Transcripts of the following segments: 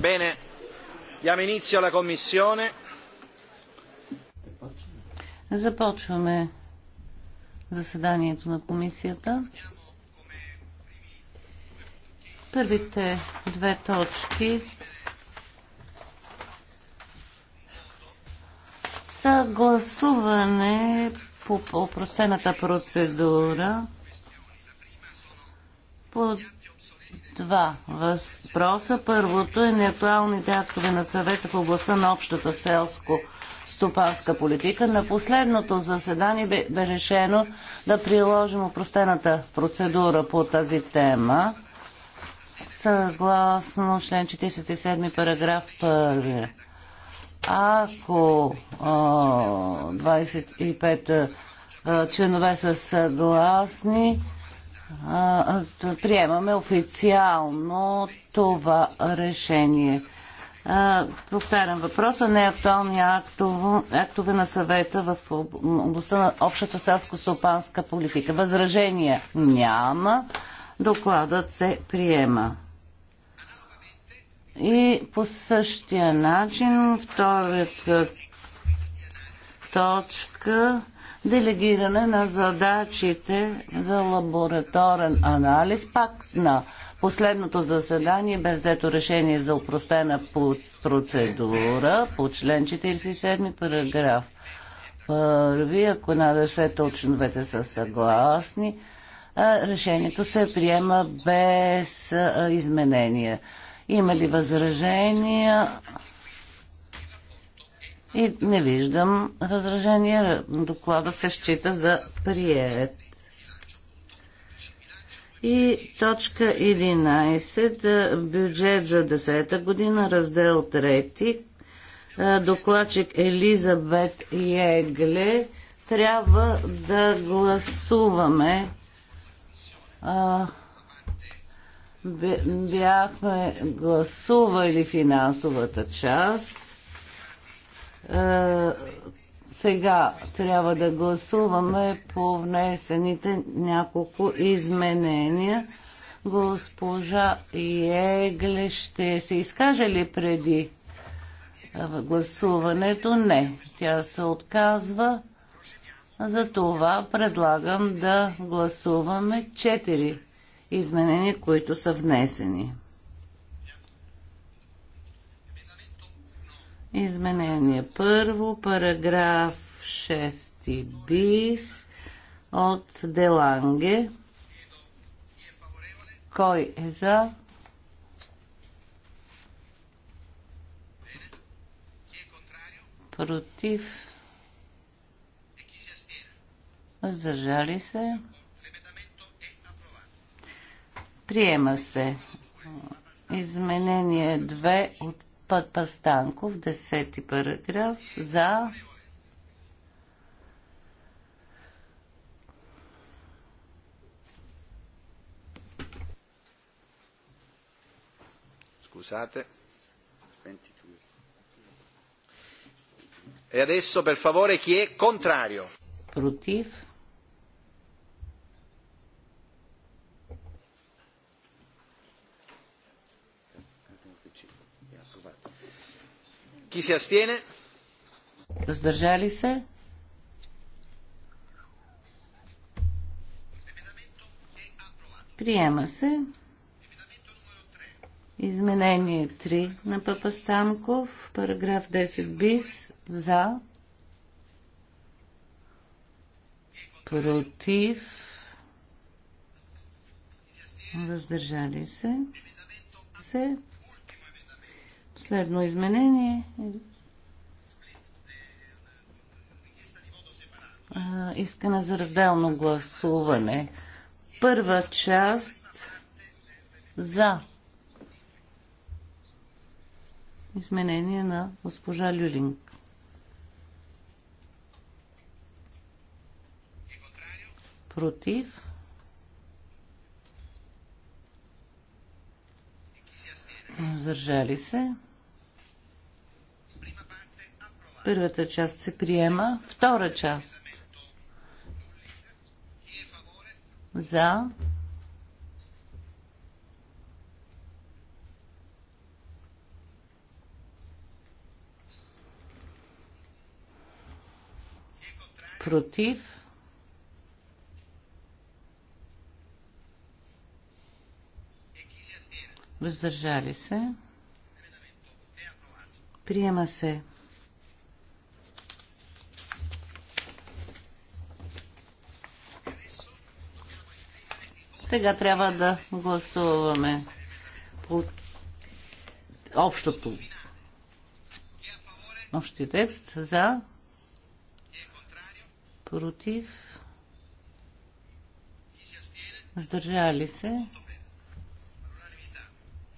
Bene, diamo inizio alla commissione. Започваме заседанието на комисията. Първите две точки са гласуване по опростената процедура по два въпроса. Първото е неактуалните актове на съвета в областта на общата селско стопанска политика. На последното заседание бе, бе решено да приложим опростената процедура по тази тема съгласно член 47 параграф 1. Ако 25 а, членове са съгласни, приемаме официално това решение. Повтарям въпроса, не е актуални актове, актове на съвета в областта на общата селско-стопанска политика. Възражения няма. Докладът се приема. И по същия начин вторият точка делегиране на задачите за лабораторен анализ. Пак на последното заседание бе взето решение за упростена процедура по член 47 параграф. Първи, ако на десета от членовете са съгласни, решението се приема без изменения. Има ли възражения? И не виждам възражения. Доклада се счита за прият. И точка 11, бюджет за 10-та година, раздел 3, докладчик Елизабет Егле, трябва да гласуваме. Бяхме гласували финансовата част е, сега трябва да гласуваме по внесените няколко изменения. Госпожа Егле ще се изкаже ли преди е, гласуването? Не. Тя се отказва. Затова предлагам да гласуваме четири изменения, които са внесени. Изменение първо, параграф 6 бис от Деланге. Кой е за? Против? Въздържали се? Приема се. Изменение 2 от Път Пастанков, 10 параграф, за Scusate. 22. E adesso per favore chi è contrario? Protiv. Chi si astiene? Въздържали се? Приема се. Изменение 3 на Папа Станков, параграф 10 бис, за, против, въздържали се, се. Последно изменение. Искане за разделно гласуване. Първа част за изменение на госпожа Люлинг. Против. Задържали се. Първата част се приема. Втора част. За. Против. Въздържали се. Приема се. Сега трябва да гласуваме по общото. Общи текст за против Сдържали се.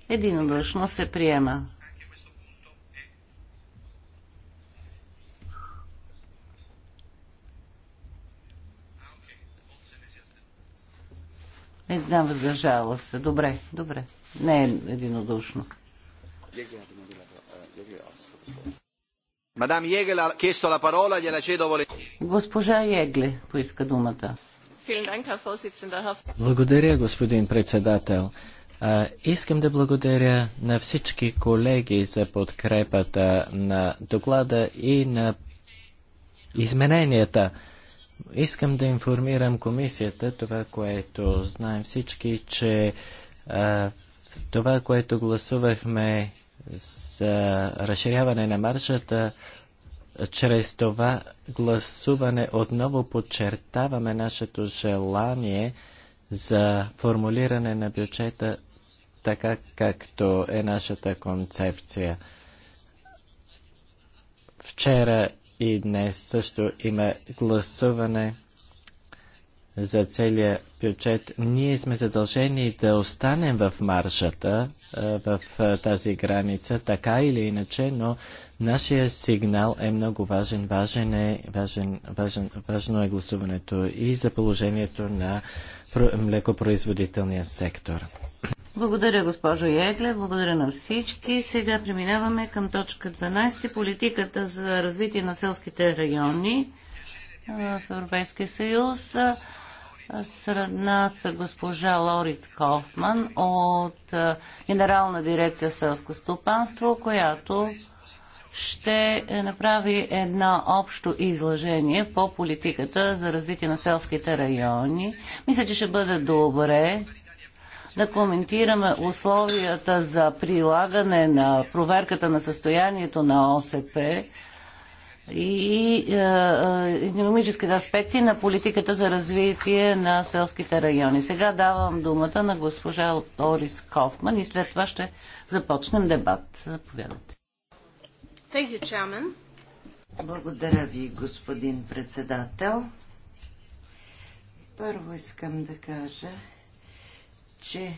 Единодушно се приема. Една въздържала се. Добре, добре. Не е единодушно. Мадам Йегле, кесто ла парола, я gliela cedo Госпожа Егле поиска думата. Благодаря, господин председател. искам да благодаря на всички колеги за подкрепата на доклада и на измененията. Искам да информирам комисията това, което знаем всички, че а, това, което гласувахме за разширяване на маршата, чрез това гласуване отново подчертаваме нашето желание за формулиране на бюджета така, както е нашата концепция. Вчера и днес също има гласуване за целия бюджет. Ние сме задължени да останем в маршата, в тази граница, така или иначе, но нашия сигнал е много важен. Важен е, важен, важен, важно е гласуването и за положението на млекопроизводителния сектор. Благодаря, госпожо Егле. Благодаря на всички. Сега преминаваме към точка 12. Политиката за развитие на селските райони в Европейския съюз. Сред нас е госпожа Лорит Хофман от Генерална дирекция селско стопанство, която ще направи едно общо изложение по политиката за развитие на селските райони. Мисля, че ще бъде добре да коментираме условията за прилагане на проверката на състоянието на ОСП и економическите е, аспекти на политиката за развитие на селските райони. Сега давам думата на госпожа Лорис Кофман и след това ще започнем дебат. Заповядайте. You, Благодаря ви, господин председател. Първо искам да кажа, че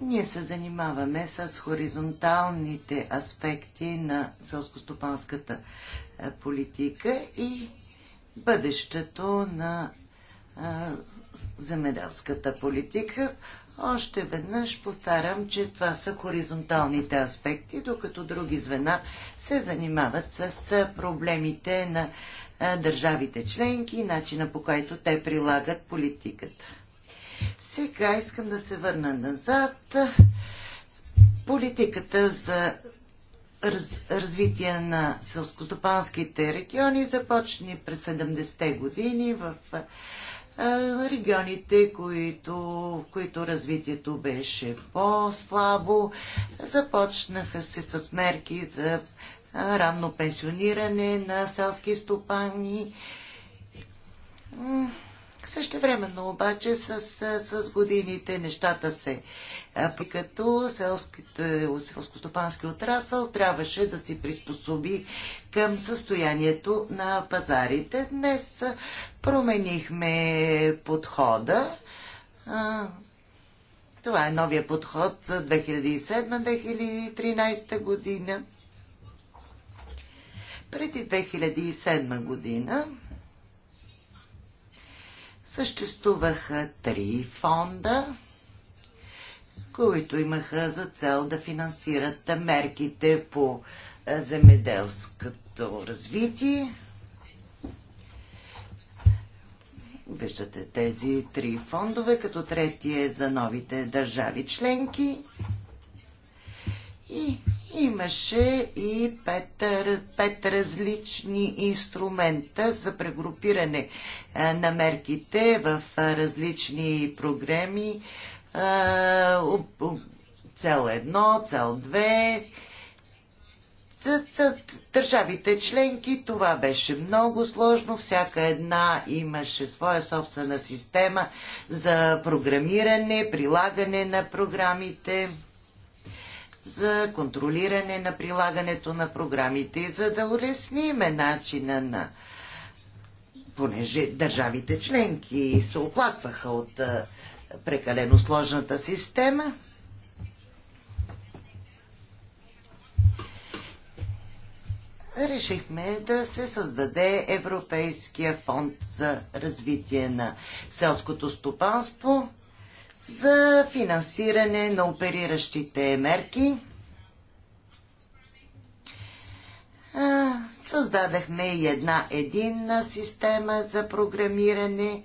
ние се занимаваме с хоризонталните аспекти на селскостопанската е, политика и бъдещето на е, земеделската политика. Още веднъж повтарям, че това са хоризонталните аспекти, докато други звена се занимават с е, проблемите на държавите членки и начина по който те прилагат политиката. Сега искам да се върна назад. Политиката за раз, развитие на селскостопанските региони започни през 70-те години в регионите, които, в които развитието беше по-слабо. Започнаха се с мерки за ранно пенсиониране на селски стопани. Също времено обаче с, с годините нещата се като селско-стопански отрасъл трябваше да си приспособи към състоянието на пазарите. Днес променихме подхода. Това е новия подход за 2007-2013 година. Преди 2007 година Съществуваха три фонда, които имаха за цел да финансират мерките по е, земеделското развитие. Виждате тези три фондове, като третия е за новите държави членки. И Имаше и пет, пет различни инструмента за прегрупиране на мерките в различни програми. Цел 1, цел 2, С за държавите членки това беше много сложно. Всяка една имаше своя собствена система за програмиране, прилагане на програмите за контролиране на прилагането на програмите, за да улесниме начина на понеже държавите членки се оплакваха от прекалено сложната система. решихме да се създаде Европейския фонд за развитие на селското стопанство, за финансиране на опериращите мерки. Създадахме и една единна система за програмиране,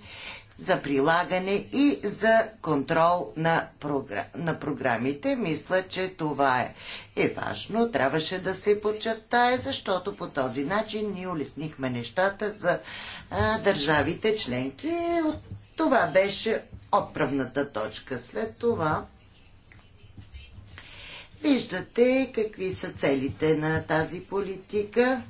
за прилагане и за контрол на, програ... на програмите. Мисля, че това е, е важно. Трябваше да се подчертае, защото по този начин ние улеснихме нещата за а, държавите членки. това беше отправната точка. След това виждате какви са целите на тази политика.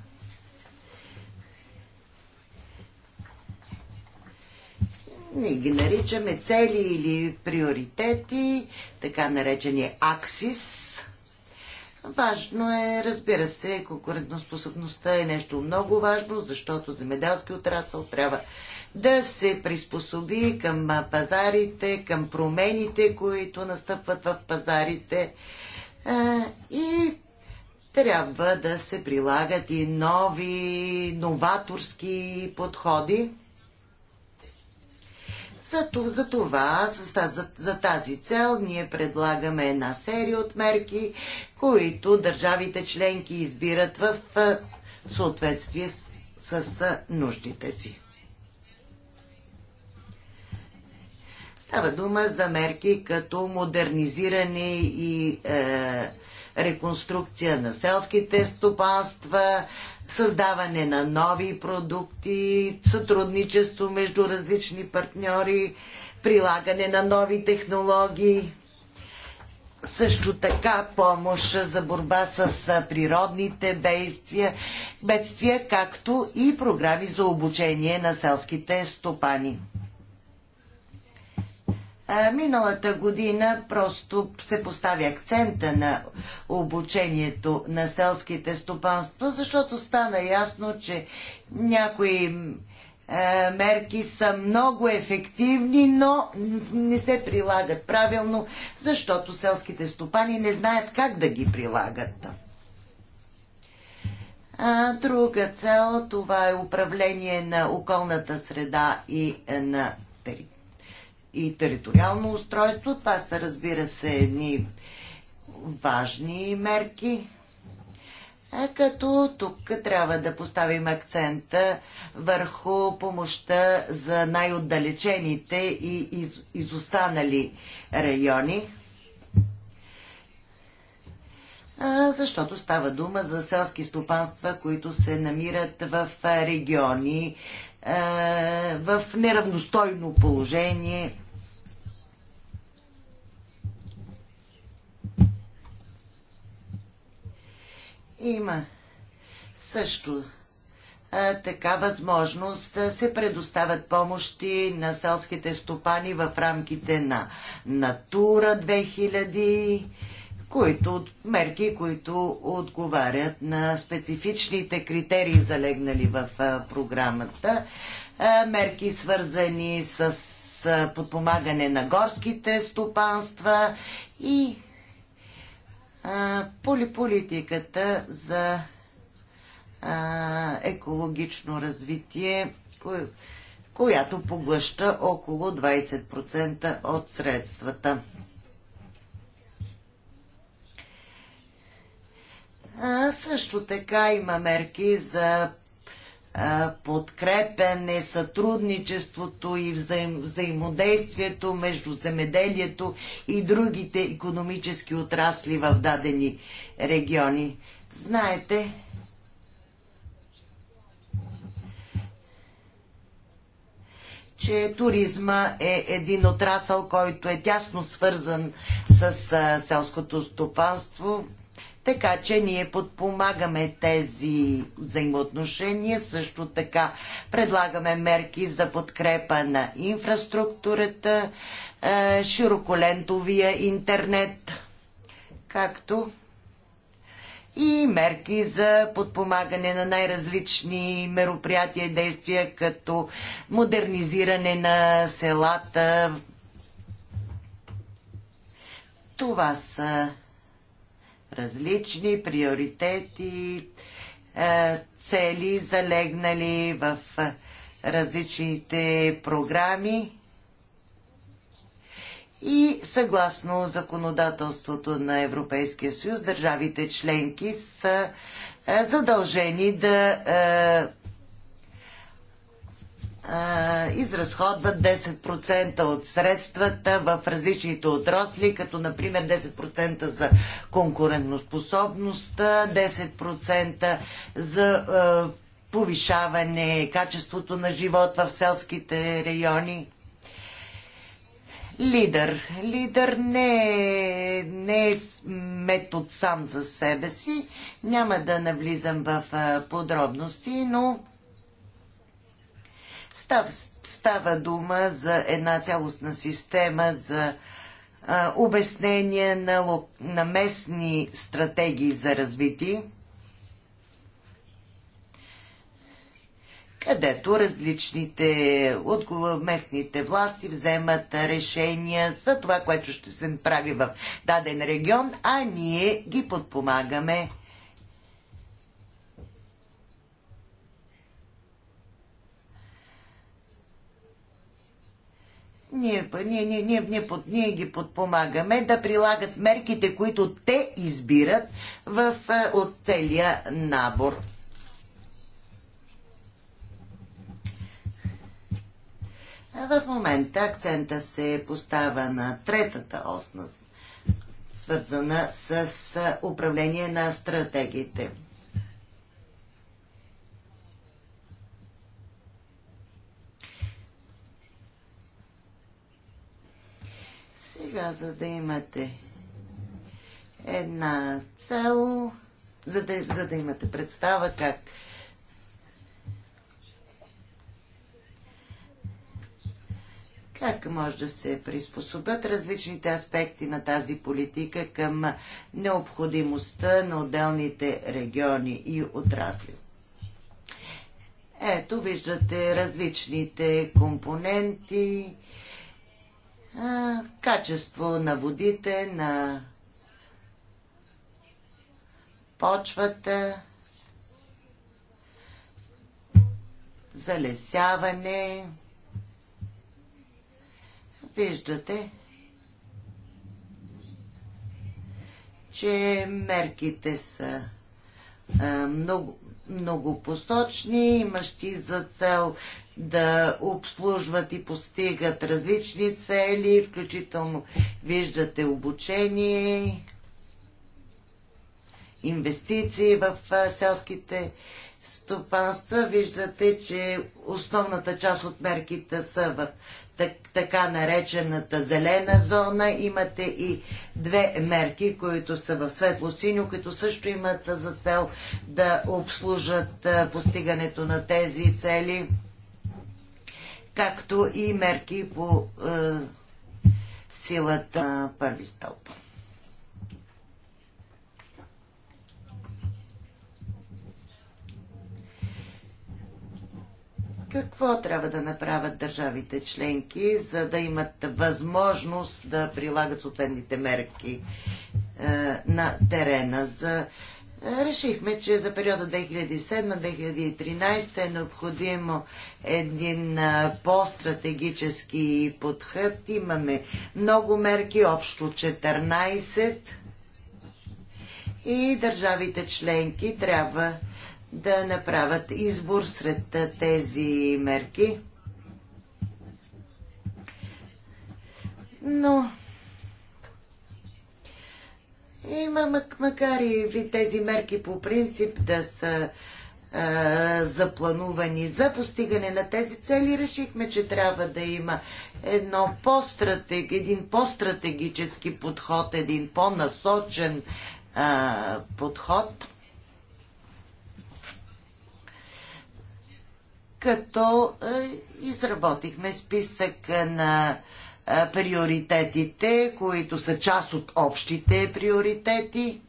Ние ги наричаме цели или приоритети, така наречени аксис – Важно е, разбира се, конкурентоспособността е нещо много важно, защото земеделски отрасъл трябва да се приспособи към пазарите, към промените, които настъпват в пазарите и трябва да се прилагат и нови новаторски подходи за, за това, за, за, за тази цел, ние предлагаме една серия от мерки, които държавите членки избират в съответствие с, с нуждите си. Става дума за мерки като модернизиране и е, реконструкция на селските стопанства, създаване на нови продукти, сътрудничество между различни партньори, прилагане на нови технологии. Също така помощ за борба с природните действия, бедствия, както и програми за обучение на селските стопани. Миналата година просто се постави акцента на обучението на селските стопанства, защото стана ясно, че някои мерки са много ефективни, но не се прилагат правилно, защото селските стопани не знаят как да ги прилагат. А друга цел това е управление на околната среда и на и териториално устройство. Това са, разбира се, едни важни мерки, а като тук трябва да поставим акцента върху помощта за най-отдалечените и из, изостанали райони, а, защото става дума за селски стопанства, които се намират в региони а, в неравностойно положение Има също така възможност да се предоставят помощи на селските стопани в рамките на Натура 2000, които, мерки, които отговарят на специфичните критерии, залегнали в програмата. Мерки свързани с подпомагане на горските стопанства и Полиполитиката за екологично развитие, която поглъща около 20% от средствата. А, също така има мерки за подкрепяне, сътрудничеството и взаим, взаимодействието между земеделието и другите економически отрасли в дадени региони. Знаете, че туризма е един отрасъл, който е тясно свързан с селското стопанство така че ние подпомагаме тези взаимоотношения, също така предлагаме мерки за подкрепа на инфраструктурата, е, широколентовия интернет, както и мерки за подпомагане на най-различни мероприятия и действия, като модернизиране на селата. Това са различни приоритети, е, цели, залегнали в е, различните програми и съгласно законодателството на Европейския съюз, държавите членки са е, задължени да изразходват 10% от средствата в различните отрасли, като например 10% за конкурентоспособността, 10% за повишаване качеството на живот в селските райони. Лидер. Лидер не е, не е метод сам за себе си. Няма да навлизам в подробности, но Став, става дума за една цялостна система за а, обяснение на, на местни стратегии за развитие, където различните от местните власти вземат решения за това, което ще се направи в даден регион, а ние ги подпомагаме ние, ние, ние, ние, ние, под, ние ги подпомагаме да прилагат мерките, които те избират в, е, от целия набор. В момента акцента се поставя на третата осна, свързана с е, управление на стратегиите. Сега, за да имате една цел, за да, за да имате представа как как може да се приспособят различните аспекти на тази политика към необходимостта на отделните региони и отрасли. Ето виждате различните компоненти, а, качество на водите, на почвата, залесяване. Виждате, че мерките са а, много, посочни, имащи за цел да обслужват и постигат различни цели, включително виждате обучение, инвестиции в селските стопанства. Виждате, че основната част от мерките са в така наречената зелена зона. Имате и две мерки, които са в светло-синьо, които също имат за цел да обслужат постигането на тези цели както и мерки по е, силата на първи стълб. Какво трябва да направят държавите членки, за да имат възможност да прилагат съответните мерки е, на терена за решихме, че за периода 2007-2013 е необходимо един по-стратегически подход. Имаме много мерки, общо 14 и държавите членки трябва да направят избор сред тези мерки. Но има, макар и тези мерки по принцип да са запланувани за постигане на тези цели, решихме, че трябва да има едно по -стратег, един по-стратегически подход, един по-насочен подход, като изработихме списък на приоритетите, които са част от общите приоритети,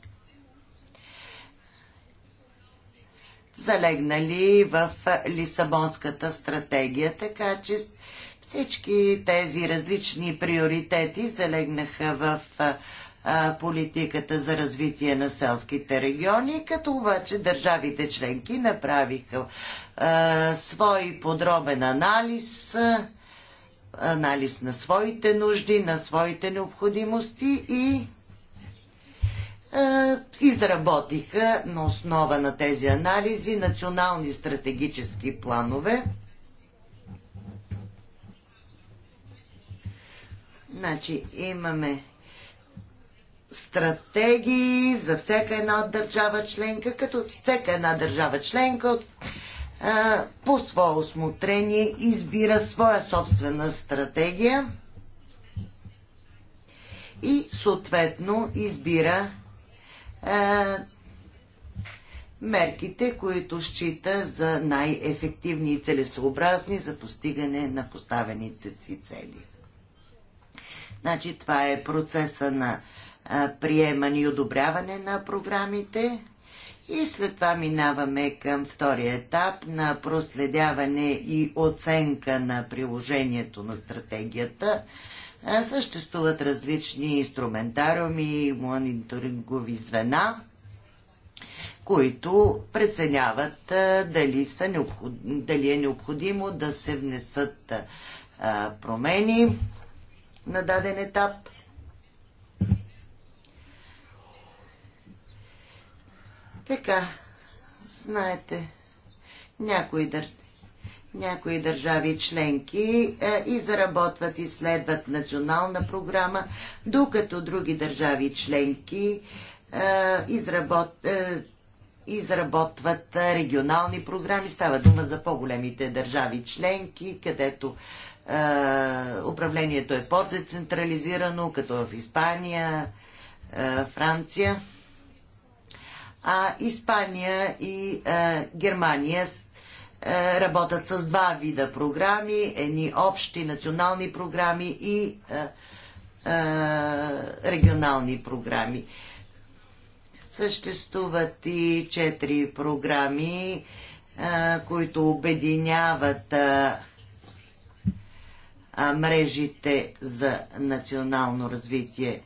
залегнали в Лисабонската стратегия, така че всички тези различни приоритети залегнаха в политиката за развитие на селските региони, като обаче държавите членки направиха а, свой подробен анализ а, анализ на своите нужди, на своите необходимости и изработиха на основа на тези анализи национални стратегически планове. Значи имаме стратегии за всяка една държава членка, като всяка една държава членка по свое осмотрение избира своя собствена стратегия и съответно избира мерките, които счита за най-ефективни и целесообразни за постигане на поставените си цели. Значи това е процеса на приемане и одобряване на програмите. И след това минаваме към втория етап на проследяване и оценка на приложението на стратегията. Съществуват различни инструментариуми и мониторингови звена, които преценяват дали, са необход... дали е необходимо да се внесат промени на даден етап – Така, знаете, някои, дър... някои държави членки е, изработват и следват национална програма, докато други държави членки е, изработ... е, изработват регионални програми. Става дума за по-големите държави членки, където е, управлението е по-децентрализирано, като в Испания, е, Франция а Испания и а, е, Германия а, е, работят с два вида програми, едни общи национални програми и а, е, а, регионални програми. Съществуват и четири програми, а, които обединяват а, а, мрежите за национално развитие.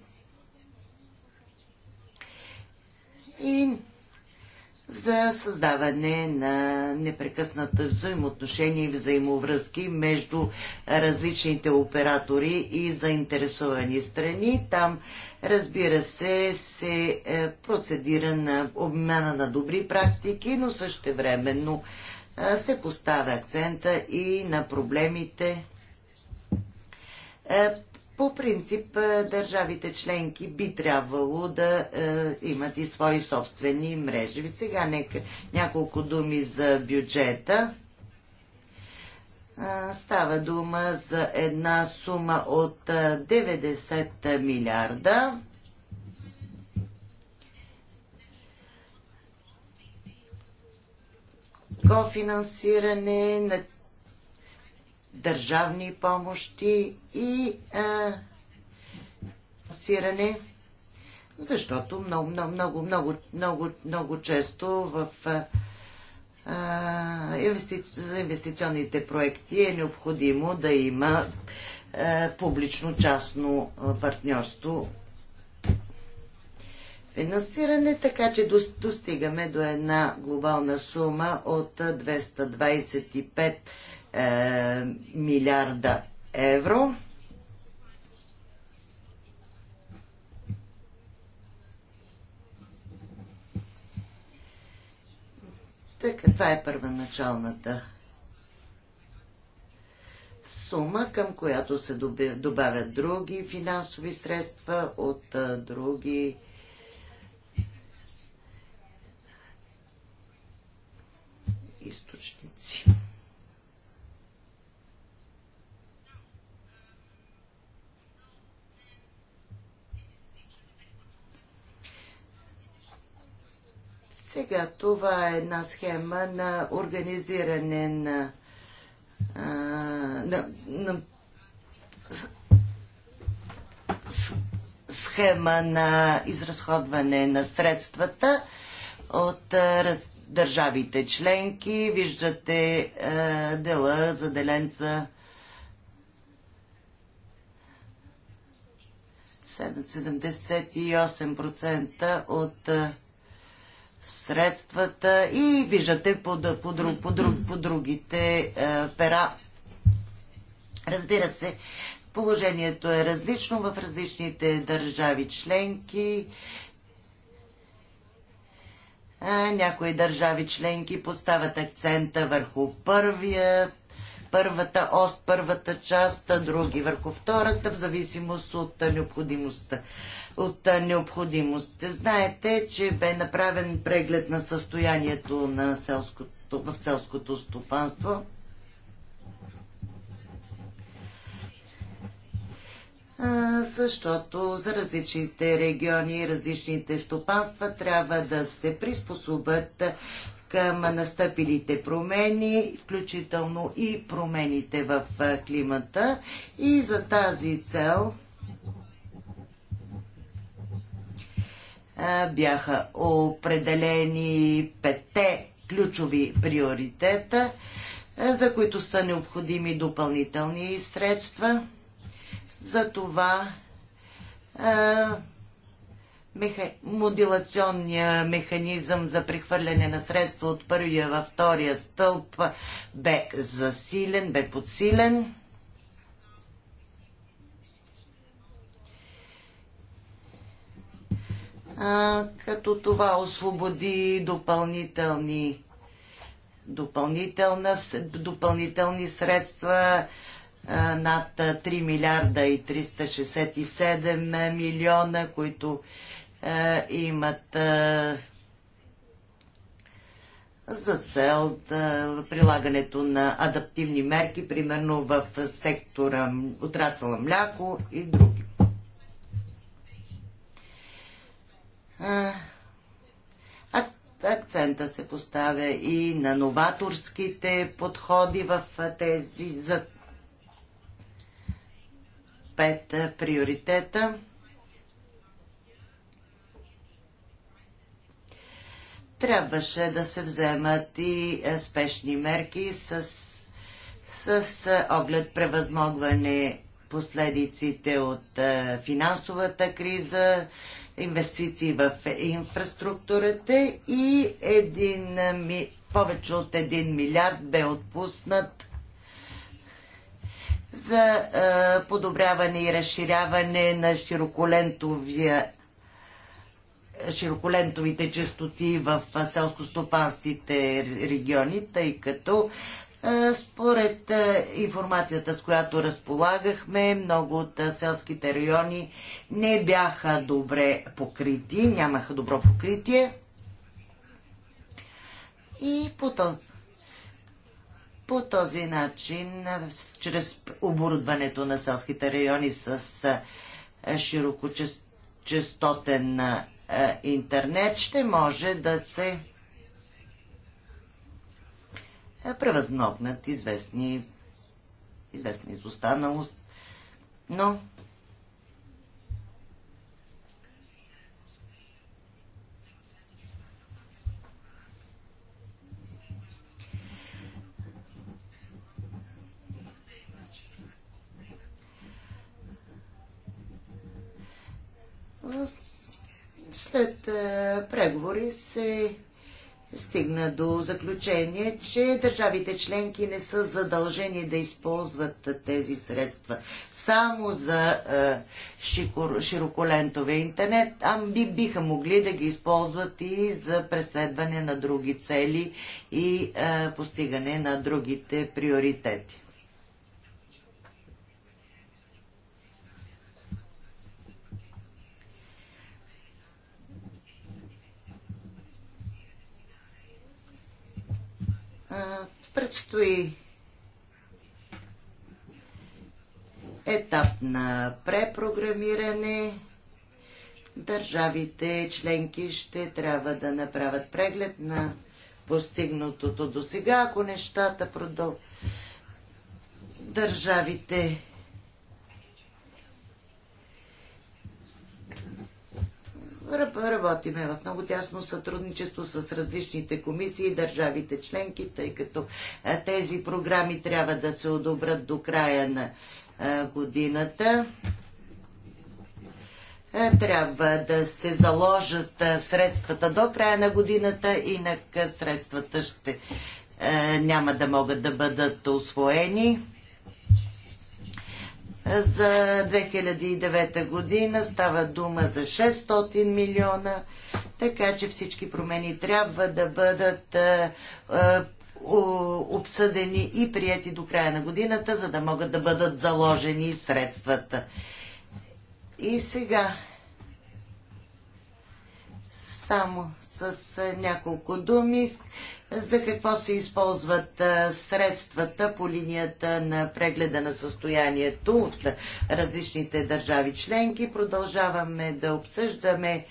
И за създаване на непрекъсната взаимоотношения и взаимовръзки между различните оператори и заинтересовани страни. Там, разбира се, се е, процедира на обмяна на добри практики, но същевременно е, се поставя акцента и на проблемите е, по принцип, е, държавите членки би трябвало да е, имат и свои собствени мрежи. Сега нека няколко думи за бюджета. Е, става дума за една сума от 90 е, милиарда. Кофинансиране на държавни помощи и финансиране, защото много, много, много, много, много, много често в а, инвести... за инвестиционните проекти е необходимо да има публично-частно партньорство финансиране, така че достигаме до една глобална сума от 225 е, милиарда евро. Така, това е първоначалната сума, към която се добавят други финансови средства от а, е, други източници. Сега това е една схема на организиране на, а, на, на схема на изразходване на средствата от раз, държавите членки. Виждате а, дела заделен за 78% от а, средствата и виждате по, по, друг, по, друг, по другите е, пера. Разбира се, положението е различно в различните държави членки. Е, някои държави членки поставят акцента върху първият първата ост, първата част, други върху втората, в зависимост от необходимостта. От необходимост. Знаете, че бе направен преглед на състоянието на селското, в селското стопанство. защото за различните региони и различните стопанства трябва да се приспособят към настъпилите промени, включително и промените в климата. И за тази цел бяха определени пете ключови приоритета, за които са необходими допълнителни средства. За това меха... модилационния механизъм за прехвърляне на средства от първия във втория стълб бе засилен, бе подсилен. А, като това освободи допълнителни, допълнителна, допълнителни средства над 3 милиарда и 367 милиона, които е, имат е, за цел да, прилагането на адаптивни мерки, примерно в сектора отрасъла мляко и други. Е, акцента се поставя и на новаторските подходи в тези за пет приоритета – трябваше да се вземат и е, спешни мерки с, с е, оглед превъзмогване последиците от е, финансовата криза, инвестиции в инфраструктурата и един, повече от 1 милиард бе отпуснат за подобряване и разширяване на широколентовия широколентовите частоти в селско-стопанските региони, тъй като според информацията, с която разполагахме, много от селските райони не бяха добре покрити, нямаха добро покритие. И по този, по този начин, чрез оборудването на селските райони с широкочастотен е, интернет ще може да се е, превъзмогнат известни, известни изостаналост. Но Oops. След е, преговори се стигна до заключение, че държавите членки не са задължени да използват тези средства само за е, широколентовия широколентове интернет, а би, биха могли да ги използват и за преследване на други цели и е, постигане на другите приоритети. предстои етап на препрограмиране. Държавите членки ще трябва да направят преглед на постигнатото до сега, ако нещата продължат, Държавите Работиме в много тясно сътрудничество с различните комисии, държавите членки, тъй като тези програми трябва да се одобрят до края на годината. Трябва да се заложат средствата до края на годината, инак средствата ще няма да могат да бъдат освоени. За 2009 година става дума за 600 милиона, така че всички промени трябва да бъдат е, е, обсъдени и прияти до края на годината, за да могат да бъдат заложени средствата. И сега, само с няколко думи, за какво се използват средствата по линията на прегледа на състоянието от различните държави членки. Продължаваме да обсъждаме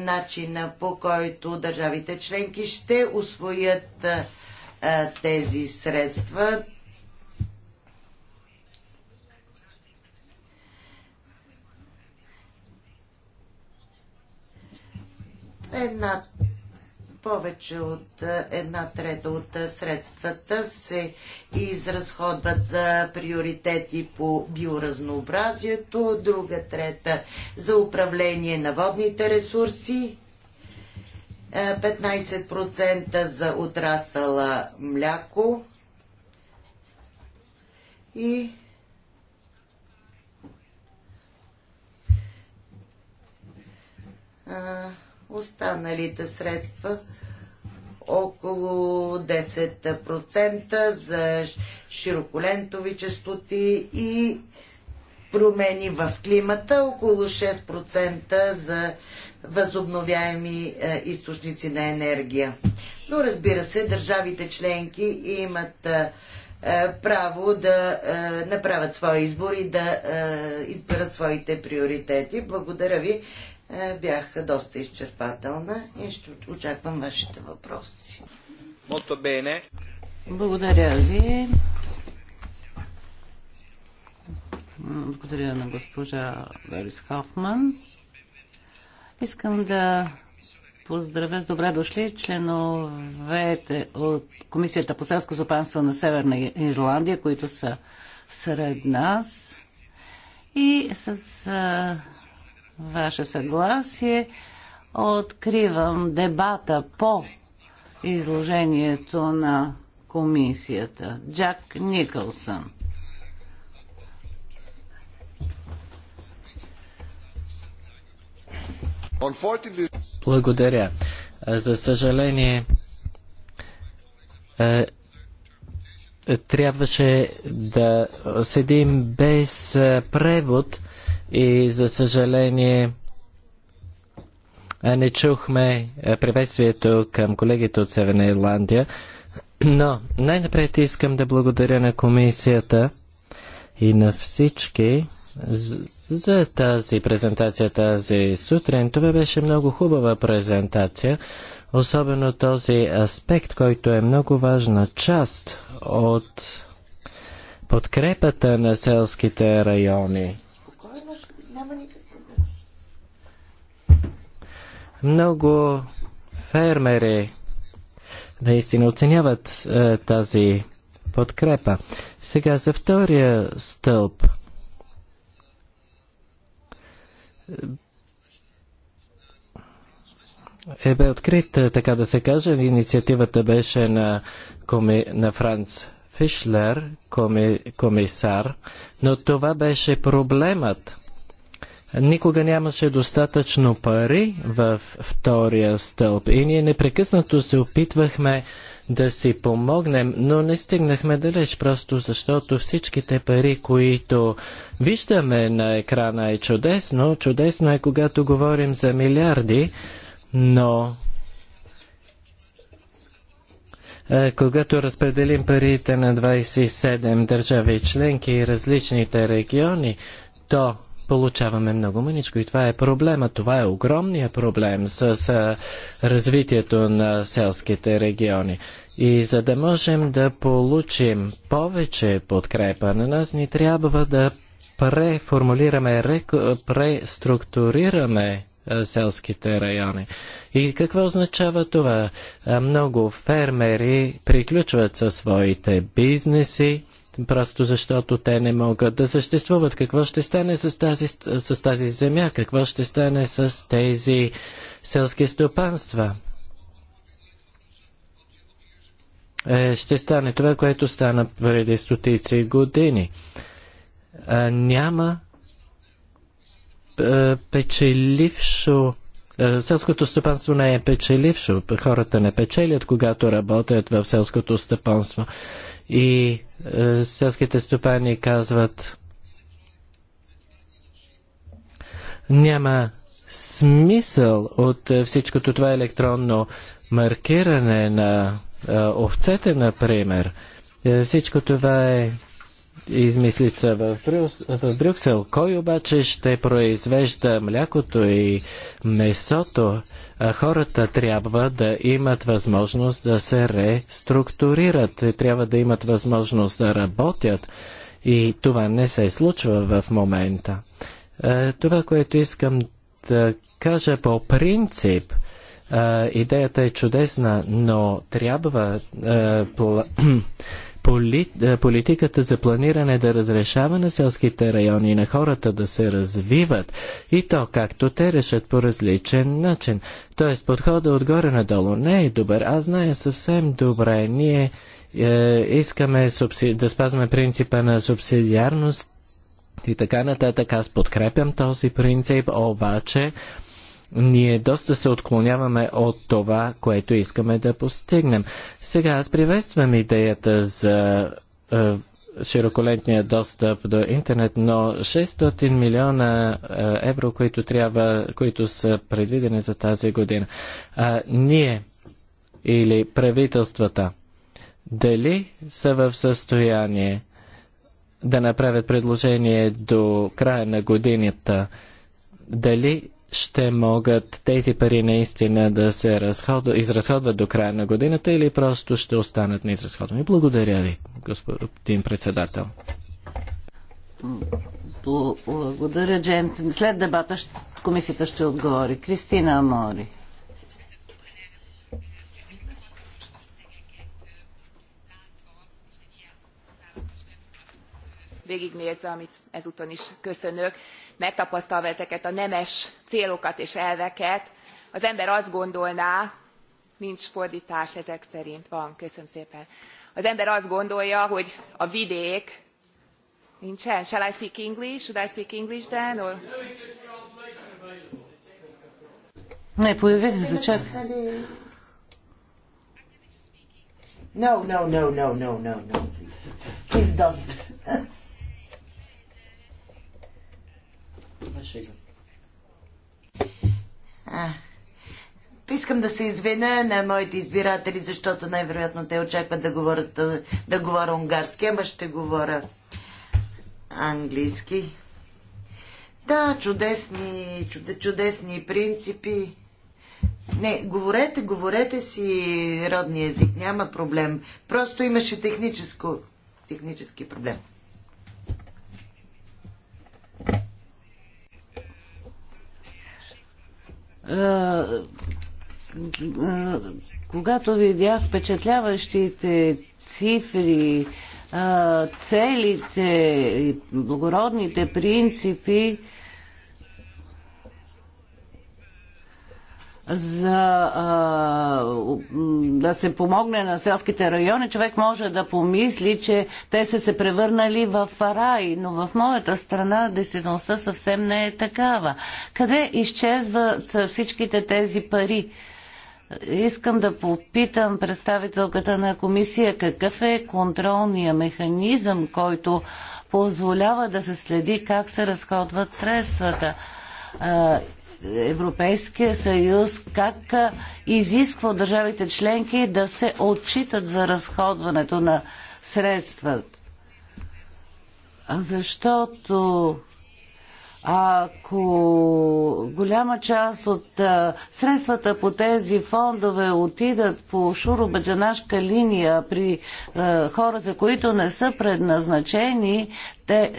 начина по който държавите членки ще освоят тези средства. Една повече от е, една трета от е, средствата се изразходват за приоритети по биоразнообразието, друга трета за управление на водните ресурси, 15% е, за отрасъла мляко и а, останалите средства около 10% за широколентови частоти и промени в климата, около 6% за възобновяеми е, източници на енергия. Но разбира се, държавите членки имат е, е, право да направят свои избори, да изберат своите приоритети. Благодаря ви. Е, бях доста изчерпателна и ще очаквам вашите въпроси. Мото бене. Благодаря ви. Благодаря на госпожа Дарис Хофман. Искам да поздравя с добре дошли членовете от Комисията по селско стопанство на Северна Ирландия, които са сред нас. И с ваше съгласие, откривам дебата по изложението на комисията. Джак Никълсън. Благодаря. За съжаление, е, трябваше да седим без е, превод и за съжаление не чухме приветствието към колегите от Северна Ирландия, но най-напред искам да благодаря на комисията и на всички за тази презентация тази сутрин. Това беше много хубава презентация, особено този аспект, който е много важна част от подкрепата на селските райони. Много фермери наистина оценяват е, тази подкрепа. Сега за втория стълб. Е бе открит, е, така да се каже, инициативата беше на, коми... на Франц Фишлер, коми... комисар, но това беше проблемът никога нямаше достатъчно пари в втория стълб и ние непрекъснато се опитвахме да си помогнем, но не стигнахме далеч, просто защото всичките пари, които виждаме на екрана е чудесно. Чудесно е, когато говорим за милиарди, но е, когато разпределим парите на 27 държави членки и различните региони, то получаваме много мъничко. И това е проблема. Това е огромният проблем с, развитието на селските региони. И за да можем да получим повече подкрепа на нас, ни трябва да преформулираме, преструктурираме селските райони. И какво означава това? Много фермери приключват със своите бизнеси, просто защото те не могат да съществуват. Какво ще стане с тази, с тази земя? Какво ще стане с тези селски стопанства? Е, ще стане това, което стана преди стотици години. А, е, няма а, е, печелившо е, селското стопанство не е печелившо. Хората не печелят, когато работят в селското стопанство и е, селските стопани казват няма смисъл от е, всичкото това електронно маркиране на е, овцете, например. Е, всичко това е измислица в, Брюс, в Брюксел. Кой обаче ще произвежда млякото и месото? А хората трябва да имат възможност да се реструктурират. Те трябва да имат възможност да работят. И това не се случва в момента. Това, което искам да кажа по принцип, идеята е чудесна, но трябва Е, политиката за планиране да разрешава на селските райони на хората да се развиват и то както те решат по различен начин. Т.е. подхода отгоре надолу не е добър. Аз зная съвсем добре. Ние е, искаме субси... да спазваме принципа на субсидиарност и така нататък. Аз подкрепям този принцип, обаче ние доста се отклоняваме от това, което искаме да постигнем. Сега аз приветствам идеята за е, широколентния достъп до интернет, но 600 милиона е, евро, които, трябва, които са предвидени за тази година, а, ние или правителствата, дали са в състояние да направят предложение до края на годината, дали ще могат тези пари наистина да се разходва, изразходват до края на годината или просто ще останат неизразходвани? Благодаря ви, господин председател. Благодаря, Джеймс. След дебата комисията ще отговори. Кристина Амори. végignézve amit ezúton is köszönök megtapasztalva ezeket a nemes célokat és elveket az ember azt gondolná nincs fordtás ezek szerint van köszönöm szépen az ember azt gondolja hogy a vidék nincsen shall i speak english should i speak english then or Не, повезете за час. No, no, no, no, no, no, no, please. Please don't. А, искам да се извиня на моите избиратели, защото най-вероятно те очакват да, говорят, да говоря унгарски, ама ще говоря английски. Да, чудесни, чуд, чудесни принципи. Не, говорете, говорете си родния език, няма проблем. Просто имаше техническо, технически проблем. Е, е, когато видях впечатляващите цифри, е, целите и благородните принципи, за а, да се помогне на селските райони, човек може да помисли, че те са се превърнали в рай, но в моята страна действителността съвсем не е такава. Къде изчезват всичките тези пари? Искам да попитам представителката на комисия какъв е контролния механизъм, който позволява да се следи как се разходват средствата Европейския съюз как изисква от държавите членки да се отчитат за разходването на средствата. Защото ако голяма част от средствата по тези фондове отидат по шуробаджанашка линия при хора, за които не са предназначени, те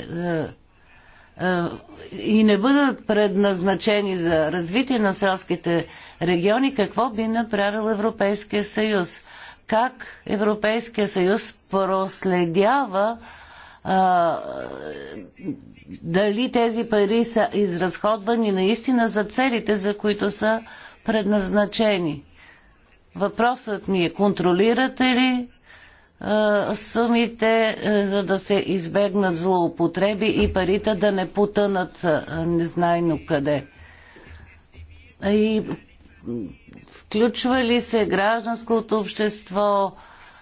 е, и не бъдат предназначени за развитие на селските региони, какво би направил Европейския съюз? Как Европейския съюз проследява а, е, дали тези пари са изразходвани наистина за целите, за които са предназначени? Въпросът ми е, контролирате ли сумите, за да се избегнат злоупотреби и парите да не потънат незнайно къде. И включва ли се гражданското общество,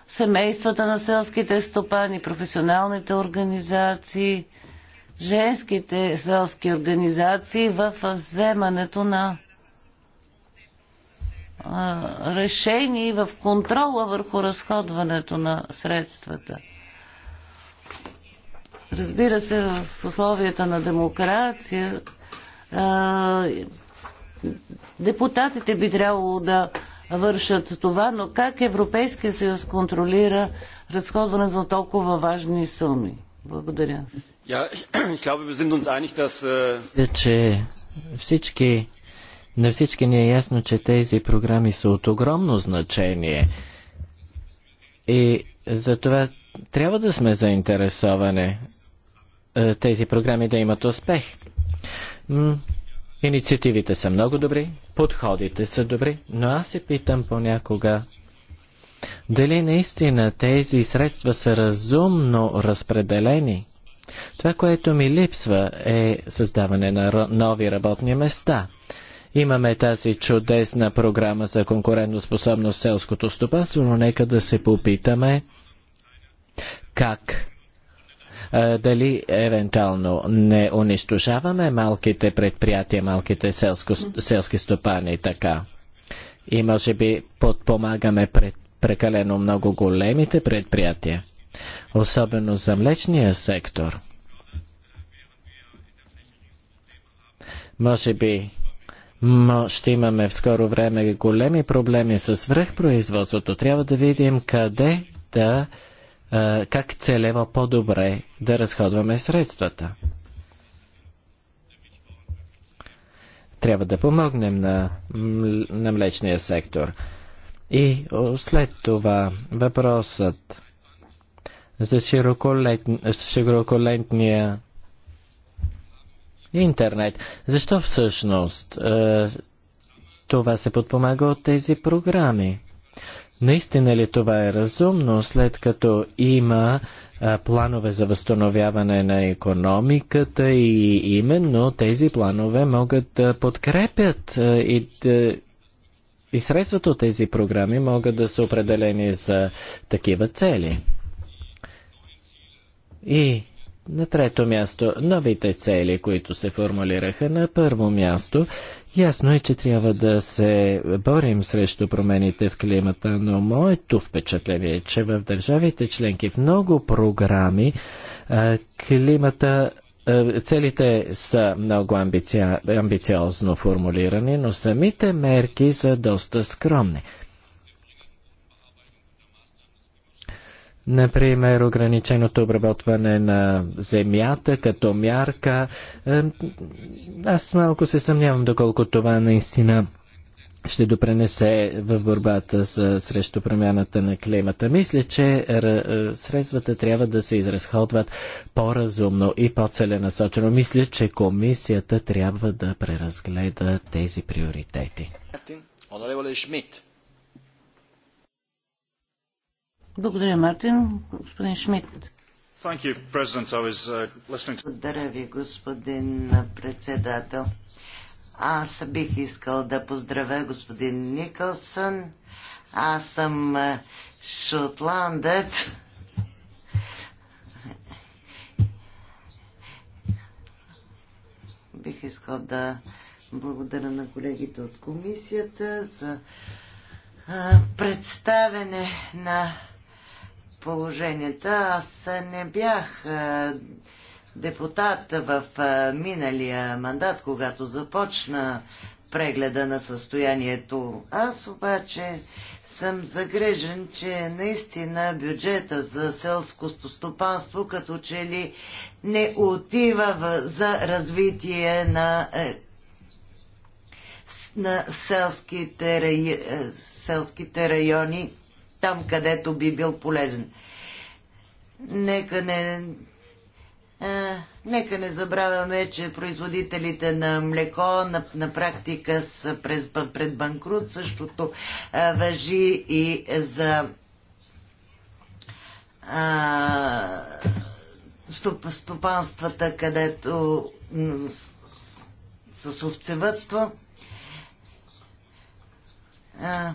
семействата на селските стопани, професионалните организации, женските селски организации в вземането на и в контрола върху разходването на средствата. Разбира се, в условията на демокрация депутатите би трябвало да вършат това, но как Европейския съюз контролира разходването на толкова важни суми? Благодаря. Yeah, glaube, einig, dass... Äh, Че всички на всички ни е ясно, че тези програми са от огромно значение. И затова трябва да сме заинтересовани е, тези програми да имат успех. Инициативите са много добри, подходите са добри, но аз се питам понякога дали наистина тези средства са разумно разпределени. Това, което ми липсва е създаване на нови работни места – Имаме тази чудесна програма за конкурентоспособност в селското стопанство, но нека да се попитаме как дали евентуално не унищожаваме малките предприятия, малките селско, селски стопани така. И може би подпомагаме пред, прекалено много големите предприятия, особено за млечния сектор. Може би ще имаме в скоро време големи проблеми с връхпроизводството, Трябва да видим къде да, как целево по-добре да разходваме средствата. Трябва да помогнем на, на млечния сектор. И след това въпросът за широколентния интернет. Защо всъщност е, това се подпомага от тези програми? Наистина ли това е разумно, след като има е, планове за възстановяване на економиката и именно тези планове могат да подкрепят е, и, да, и средствата от тези програми могат да са определени за такива цели? И на трето място, новите цели, които се формулираха на първо място. Ясно е, че трябва да се борим срещу промените в климата, но моето впечатление е, че в държавите членки в много програми климата Целите са много амбициозно формулирани, но самите мерки са доста скромни. Например, ограниченото обработване на земята като мярка. Аз малко се съмнявам доколко това наистина ще допренесе в борбата за, срещу промяната на климата. Мисля, че е, средствата трябва да се изразходват по-разумно и по-целенасочено. Мисля, че комисията трябва да преразгледа тези приоритети. Благодаря, Мартин. Господин Шмидт. You, was, uh, to... Благодаря ви, господин председател. Аз бих искал да поздравя господин Никълсън. Аз съм е, шотландец. Бих искал да благодаря на колегите от комисията за е, представене на положенията. Аз не бях е, депутат в е, миналия мандат, когато започна прегледа на състоянието. Аз обаче съм загрежен, че наистина бюджета за селското стопанство като че ли не отива в, за развитие на, е, на селските, рай, е, селските райони там, където би бил полезен. Нека не, а, нека не забравяме, че производителите на млеко на, на практика са през, пред банкрут. Същото а, въжи и за а, ступ, стопанствата, където с, с овцевътство. А,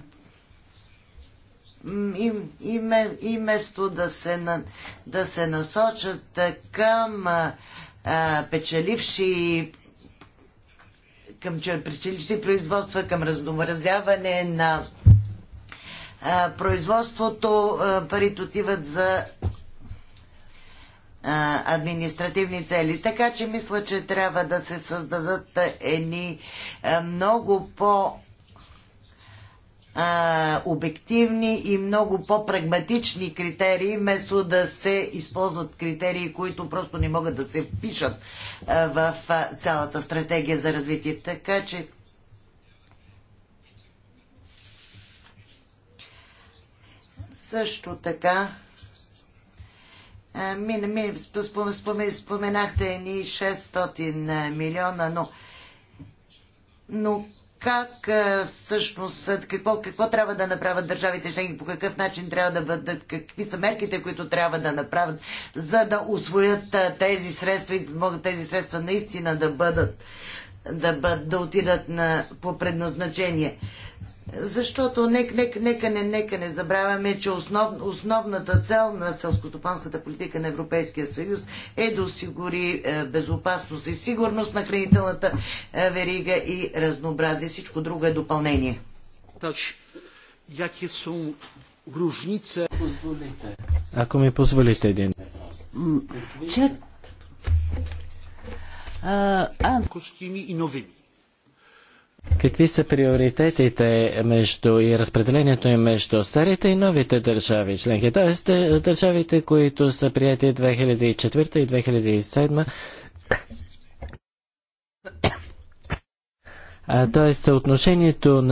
и, и, и место да се, на, да се насочат към а, печеливши към печеливши производства, към разнообразяване на а, производството, а, парите отиват за административни цели. Така че мисля, че трябва да се създадат едни много по- а, обективни и много по-прагматични критерии, вместо да се използват критерии, които просто не могат да се впишат а, в а, цялата стратегия за развитие. Така че. Също така. Ми, ми, споменахте ни 600 милиона, но, но как всъщност, какво, какво трябва да направят държавите членки, по какъв начин трябва да бъдат, какви са мерките, които трябва да направят, за да освоят тези средства и да могат тези средства наистина да бъдат да, бъд, да отидат на, по предназначение. Защото нека, нека, нека, не, нека не забравяме, че основ, основната цел на селскостопанската политика на Европейския съюз е да осигури е, безопасност и сигурност на хранителната е, верига и разнообразие. Всичко друго е допълнение. Ако ми позволите един въпрос. Че... А, а... и новини. Какви са приоритетите между и разпределението им между старите и новите държави членки? Тоест, е, държавите, които са прияти 2004 и 2007 т.е. съотношението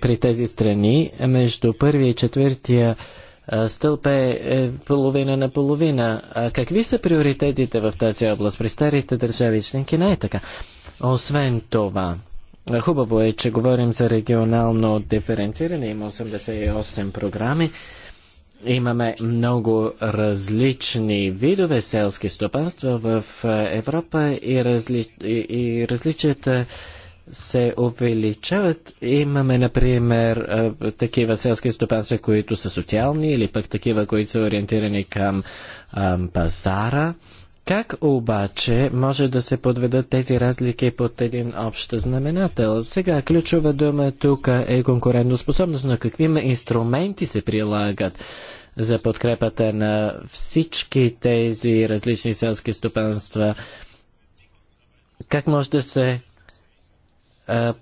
при тези страни между първия и четвъртия стълб е, е половина на половина. А какви са приоритетите в тази област? При старите държави членки не е така. Освен това, Хубаво е, че говорим за регионално диференциране. Има 88 програми. Имаме много различни видове селски стопанства в е, Европа и, разли... и различията се увеличават. Имаме, например, е, такива селски стопанства, които са социални или пък такива, които са ориентирани към е, пазара. Как обаче може да се подведат тези разлики под един общ знаменател? Сега ключова дума тук е конкурентоспособност, но какви инструменти се прилагат за подкрепата на всички тези различни селски стопанства? Как може да се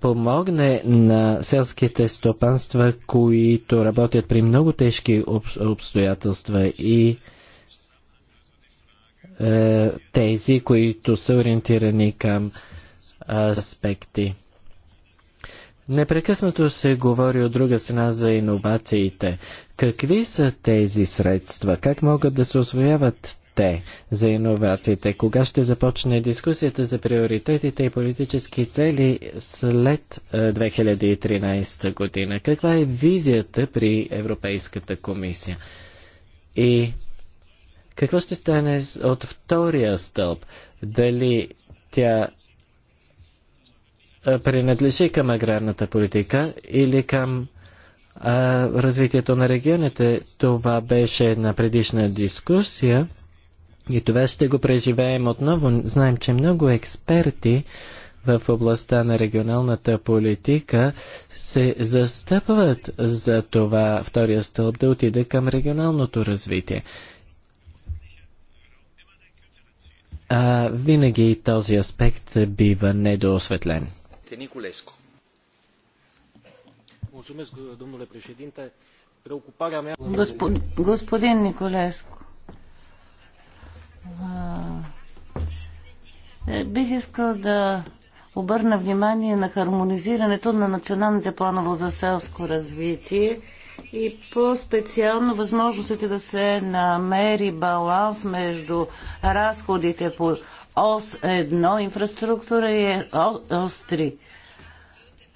помогне на селските стопанства, които работят при много тежки обстоятелства и е, тези, които са ориентирани към е, аспекти. Непрекъснато се говори от друга страна за иновациите. Какви са тези средства? Как могат да се освояват те за иновациите? Кога ще започне дискусията за приоритетите и политически цели след 2013 е, година? Каква е визията при Европейската комисия? И какво ще стане от втория стълб? Дали тя принадлежи към аграрната политика или към а, развитието на регионите? Това беше една предишна дискусия и това ще го преживеем отново. Знаем, че много експерти в областта на регионалната политика се застъпват за това втория стълб да отиде към регионалното развитие. а, винаги този аспект бива недоосветлен. Николеско. господин Николеско, а, е, бих искал да обърна внимание на хармонизирането на националните планове за селско развитие и по-специално възможностите да се намери баланс между разходите по ОС 1 инфраструктура и ОС 3.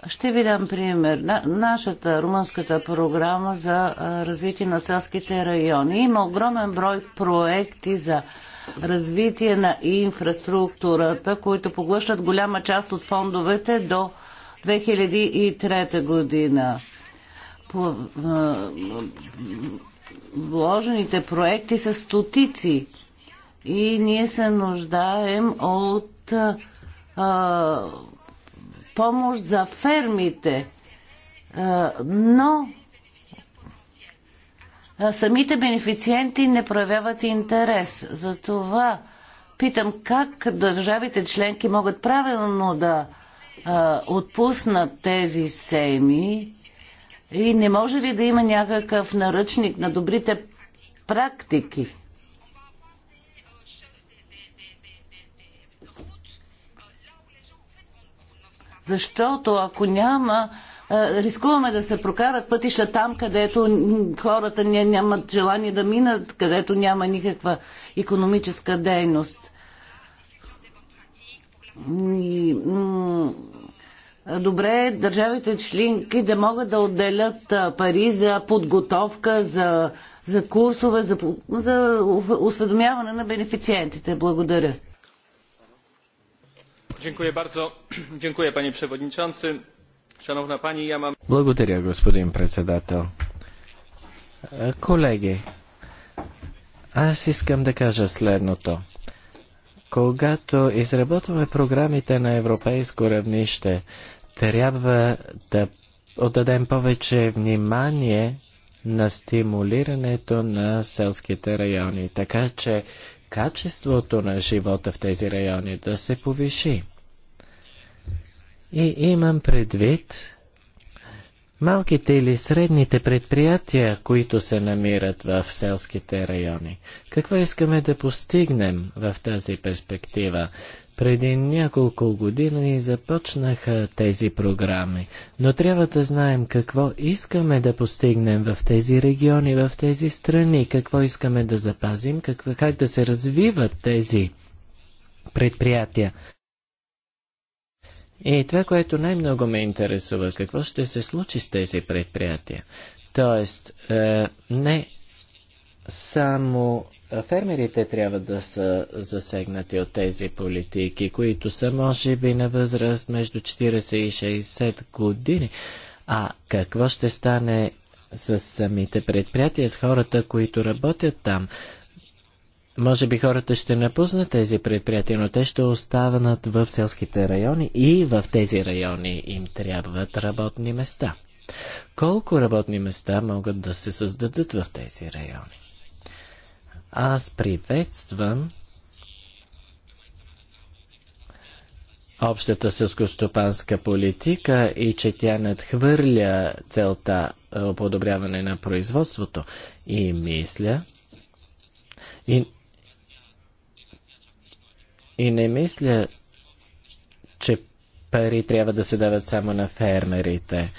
Ще ви дам пример. На, нашата румънската програма за а, развитие на селските райони има огромен брой проекти за развитие на инфраструктурата, които поглъщат голяма част от фондовете до 2003 година вложените проекти са стотици и ние се нуждаем от а, помощ за фермите. А, но а, самите бенефициенти не проявяват интерес. Затова питам как държавите членки могат правилно да а, отпуснат тези семи и не може ли да има някакъв наръчник на добрите практики? Защото ако няма, е, рискуваме да се прокарат пътища там, където хората нямат желание да минат, където няма никаква економическа дейност. И, добре държавите членки да могат да отделят пари за подготовка, за, за курсове, за, за осведомяване на бенефициентите. Благодаря. Благодаря, господин председател. Колеги, аз искам да кажа следното. Когато изработваме програмите на европейско равнище, трябва да отдадем повече внимание на стимулирането на селските райони, така че качеството на живота в тези райони да се повиши. И имам предвид малките или средните предприятия, които се намират в селските райони. Какво искаме да постигнем в тази перспектива? Преди няколко години започнаха тези програми, но трябва да знаем какво искаме да постигнем в тези региони, в тези страни, какво искаме да запазим, как, как да се развиват тези предприятия. И това, което най-много ме интересува, какво ще се случи с тези предприятия. Тоест, е, не само е, фермерите трябва да са засегнати от тези политики, които са може би на възраст между 40 и 60 години. А какво ще стане с самите предприятия, с хората, които работят там? може би хората ще напуснат тези предприятия, но те ще останат в селските райони и в тези райони им трябват работни места. Колко работни места могат да се създадат в тези райони? Аз приветствам общата селскостопанска политика и че тя надхвърля целта е, подобряване на производството. И мисля, и и не мисля, че пари трябва да се дават само на фермерите.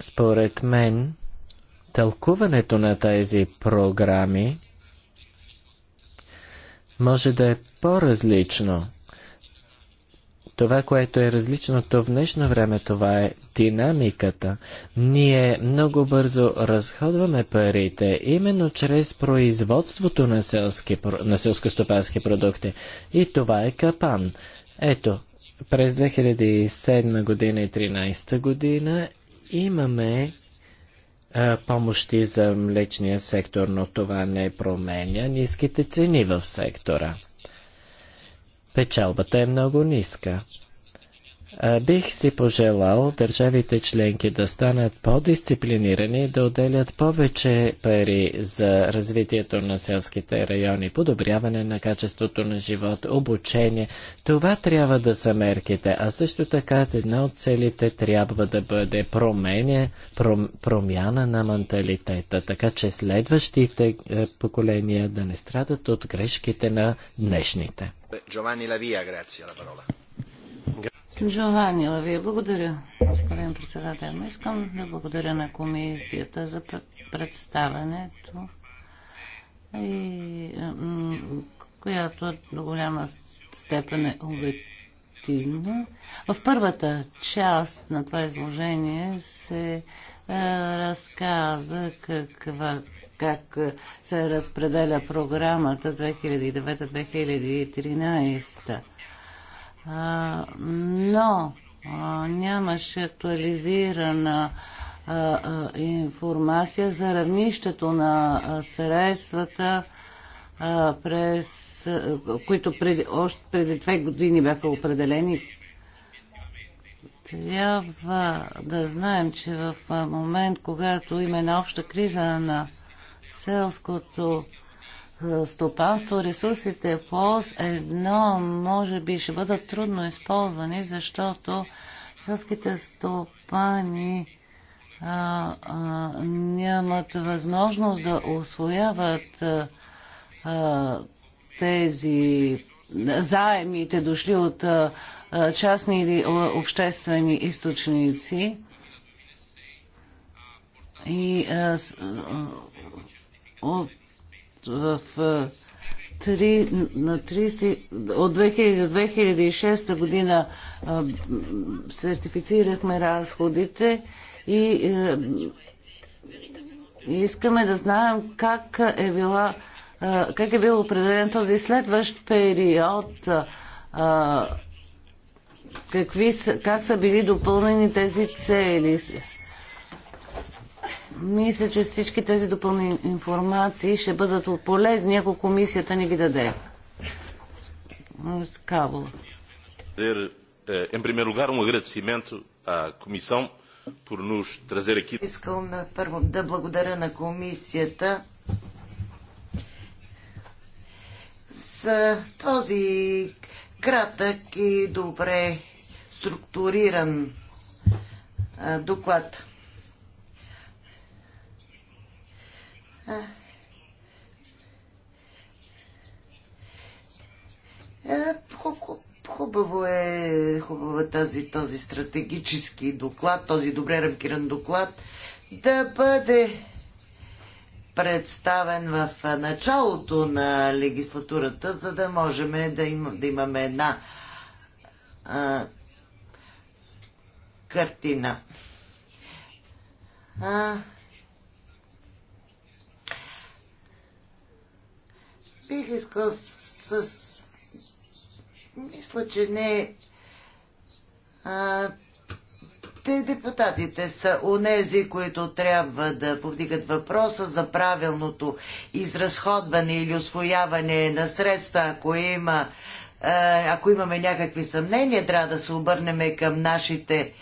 Според мен, тълкуването на тези програми може да е по-различно. Това, което е различното в днешно време, това е динамиката. Ние много бързо разходваме парите, именно чрез производството на, селски, на селско-стопански продукти. И това е капан. Ето, през 2007 година и 2013 година имаме а, помощи за млечния сектор, но това не променя ниските цени в сектора печалбата е много ниска. Бих си пожелал държавите членки да станат по-дисциплинирани и да отделят повече пари за развитието на селските райони, подобряване на качеството на живот, обучение. Това трябва да са мерките, а също така една от целите трябва да бъде промене, пром, промяна на менталитета, така че следващите е, поколения да не страдат от грешките на днешните. Джованни Лавия, грация, la parola. Джованни Лавия, благодаря, господин председател. Искам да благодаря на комисията за представането и която до голяма степен е обективна. В първата част на това изложение се е, разказа каква, как е, се разпределя програмата 2009-2013. Но нямаше актуализирана информация за равнището на средствата през които преди, още преди две години бяха определени. Трябва да знаем, че в момент, когато има една обща криза на селското е, стопанство, ресурсите по едно може би ще бъдат трудно използвани, защото селските стопани а, е, а, е, нямат възможност да освояват а, тези заемите дошли от а, частни или обществени източници. И а, с, а, от, в, в три, на 30, от 2000 до 2006 година а, сертифицирахме разходите и а, искаме да знаем как е била а, как е бил определен този следващ период а, какви са, как са били допълнени тези цели мисля, че всички тези допълнени информации ще бъдат полезни, ако комисията не ги даде. Кабо. Е, em primeiro lugar, um agradecimento à Comissão por nos trazer aqui. Искам на първо да благодаря на комисията за този кратък и добре структуриран доклад. А, е, Хубаво е, хубаво е тази, този, този стратегически доклад, този добре рамкиран доклад да бъде представен в началото на легислатурата, за да можем да, им, да имаме една а, картина. А, Бих искал с... с... Мисля, че не... А, те депутатите са онези, които трябва да повдигат въпроса за правилното изразходване или освояване на средства, ако има ако имаме някакви съмнения, трябва да се обърнем към нашите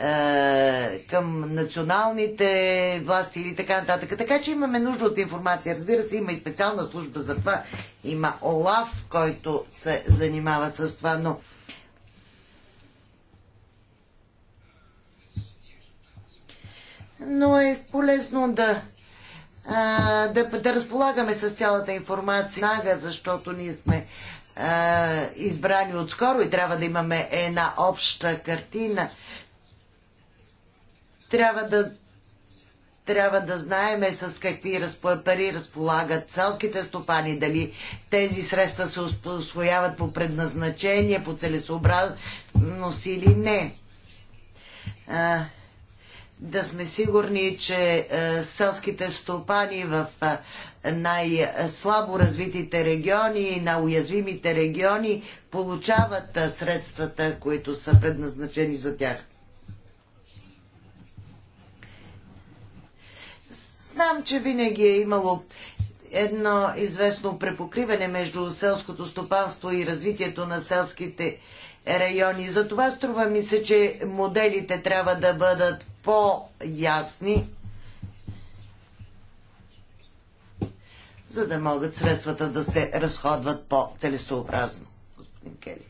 е, към националните власти или така нататък. Така че имаме нужда от информация. Разбира се, има и специална служба за това. Има ОЛАФ, който се занимава с това, но но е полезно да, а, е, да, да разполагаме с цялата информация, защото ние сме а, е, избрани отскоро и трябва да имаме една обща картина. Трябва да трябва да знаеме с какви пари разполагат селските стопани, дали тези средства се освояват по предназначение, по целесообразност или не. А, да сме сигурни, че а, селските стопани в най-слабо развитите региони и на уязвимите региони получават а, средствата, които са предназначени за тях. Знам, че винаги е имало едно известно препокриване между селското стопанство и развитието на селските райони. Затова струва ми се, че моделите трябва да бъдат по-ясни, за да могат средствата да се разходват по-целесообразно. Господин Кели.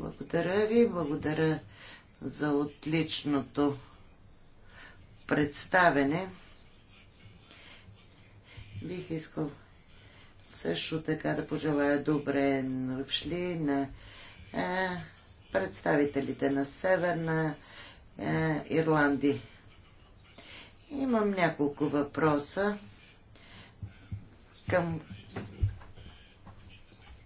Благодаря ви, благодаря за отличното представене. Бих искал също така да пожелая добре дошли на е, представителите на Северна е, Ирландия. Имам няколко въпроса към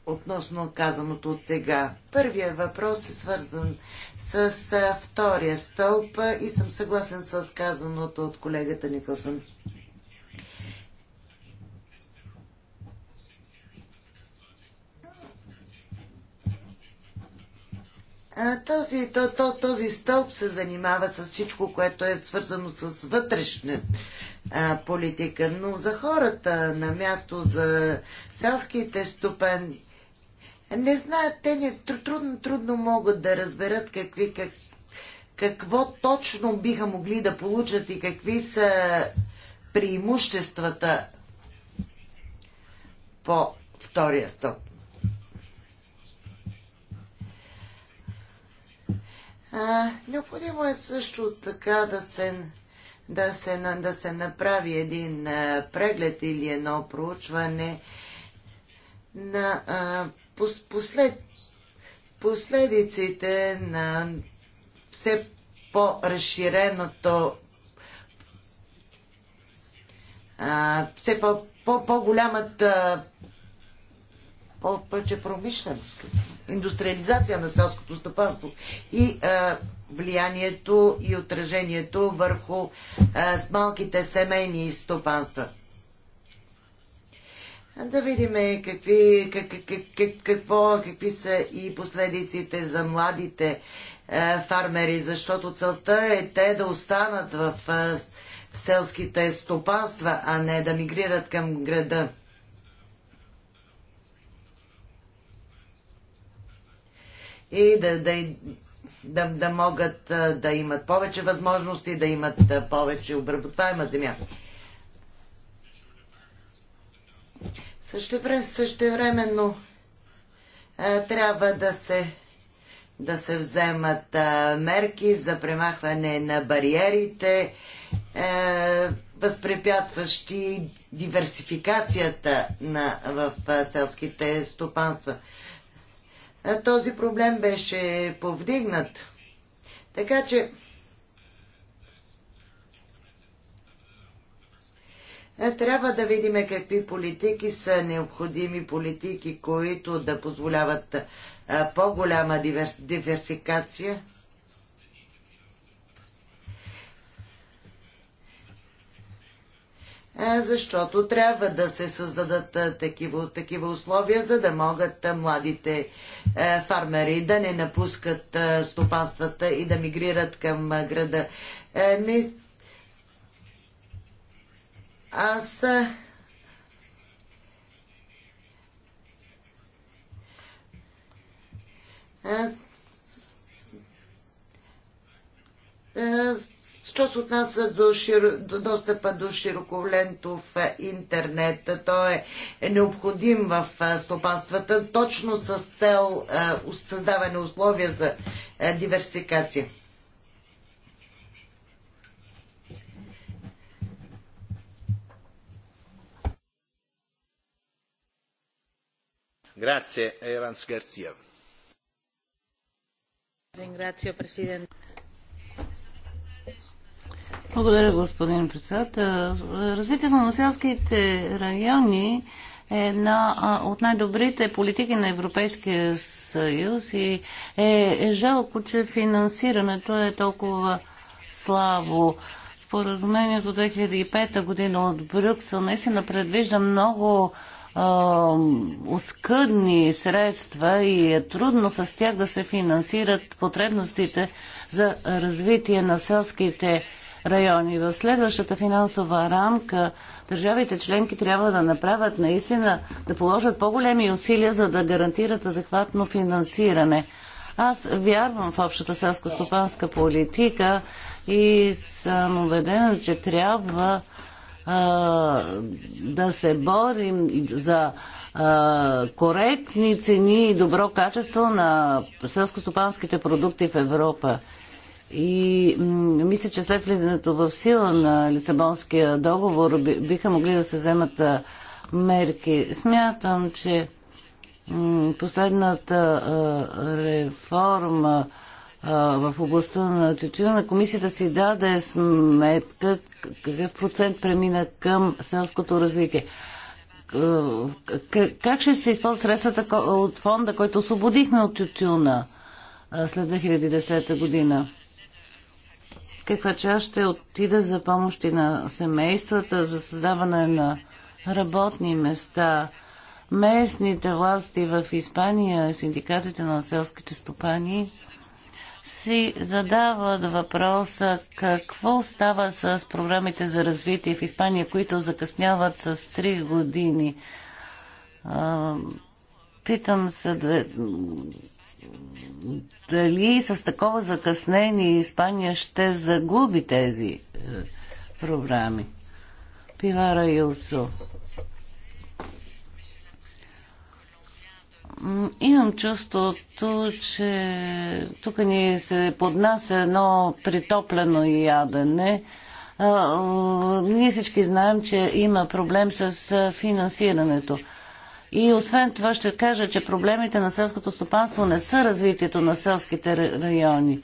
относно казаното от сега. Първия въпрос е свързан с втория стълб и съм съгласен с казаното от колегата Никълсън. Този, то, то, този стълб се занимава с всичко, което е свързано с вътрешна а, политика, но за хората на място, за селските стопан, не знаят, те не, трудно, трудно могат да разберат какви, как, какво точно биха могли да получат и какви са преимуществата по втория стоп. А, необходимо е също така да се, да се, да се направи един а, преглед или едно проучване на а, послед, последиците на все по-разширеното все по-голямата -по -по повече промишленост, индустриализация на селското стопанство и а, влиянието и отражението върху а, с малките семейни стопанства да видим какви, как, как, как, какво, какви са и последиците за младите е, фармери, защото целта е те да останат в е, селските стопанства, а не да мигрират към града. И да, да, да, да могат е, да имат повече възможности, да имат е, повече обработваема земя. Също, същевременно е, трябва да се, да се вземат е, мерки за премахване на бариерите, е, възпрепятващи диверсификацията на, в селските стопанства. Този проблем беше повдигнат. Така че Е, трябва да видим какви политики са необходими, политики, които да позволяват е, по-голяма диверсикация. Е, защото трябва да се създадат такива, такива условия, за да могат младите фармери да не напускат стопанствата и да мигрират към града. Не, аз аз Що се отнася до, широ, до достъпа до широколентов интернет, То е, необходим в стопанствата, точно с цел създаване условия за диверсикация. диверсификация. Grazie, Garcia. Благодаря, господин председател. Развитието на селските райони е една от най-добрите политики на Европейския съюз и е, е жалко, че финансирането е толкова слабо. Споразумението 2005 година от Брюксел наистина предвижда много оскъдни средства и е трудно с тях да се финансират потребностите за развитие на селските райони. В следващата финансова рамка държавите членки трябва да направят наистина, да положат по-големи усилия, за да гарантират адекватно финансиране. Аз вярвам в общата селско-стопанска политика и съм убедена, че трябва да се борим за коректни цени и добро качество на селскостопанските продукти в Европа. И мисля, че след влизането в сила на Лисабонския договор биха могли да се вземат мерки. Смятам, че последната реформа в областта на тютюна комисията си даде сметка, какъв процент премина към селското развитие? Как ще се използват средствата от фонда, който освободихме от тютюна след 2010 година? Каква част ще отида за помощи на семействата, за създаване на работни места? Местните власти в Испания, синдикатите на селските стопани си задават въпроса какво става с програмите за развитие в Испания, които закъсняват с 3 години. Питам се да, дали с такова закъснение Испания ще загуби тези е, програми. Пивара Юсо. Имам чувството, че тук ни се поднася едно притоплено ядене. Ние всички знаем, че има проблем с финансирането. И освен това ще кажа, че проблемите на селското стопанство не са развитието на селските райони.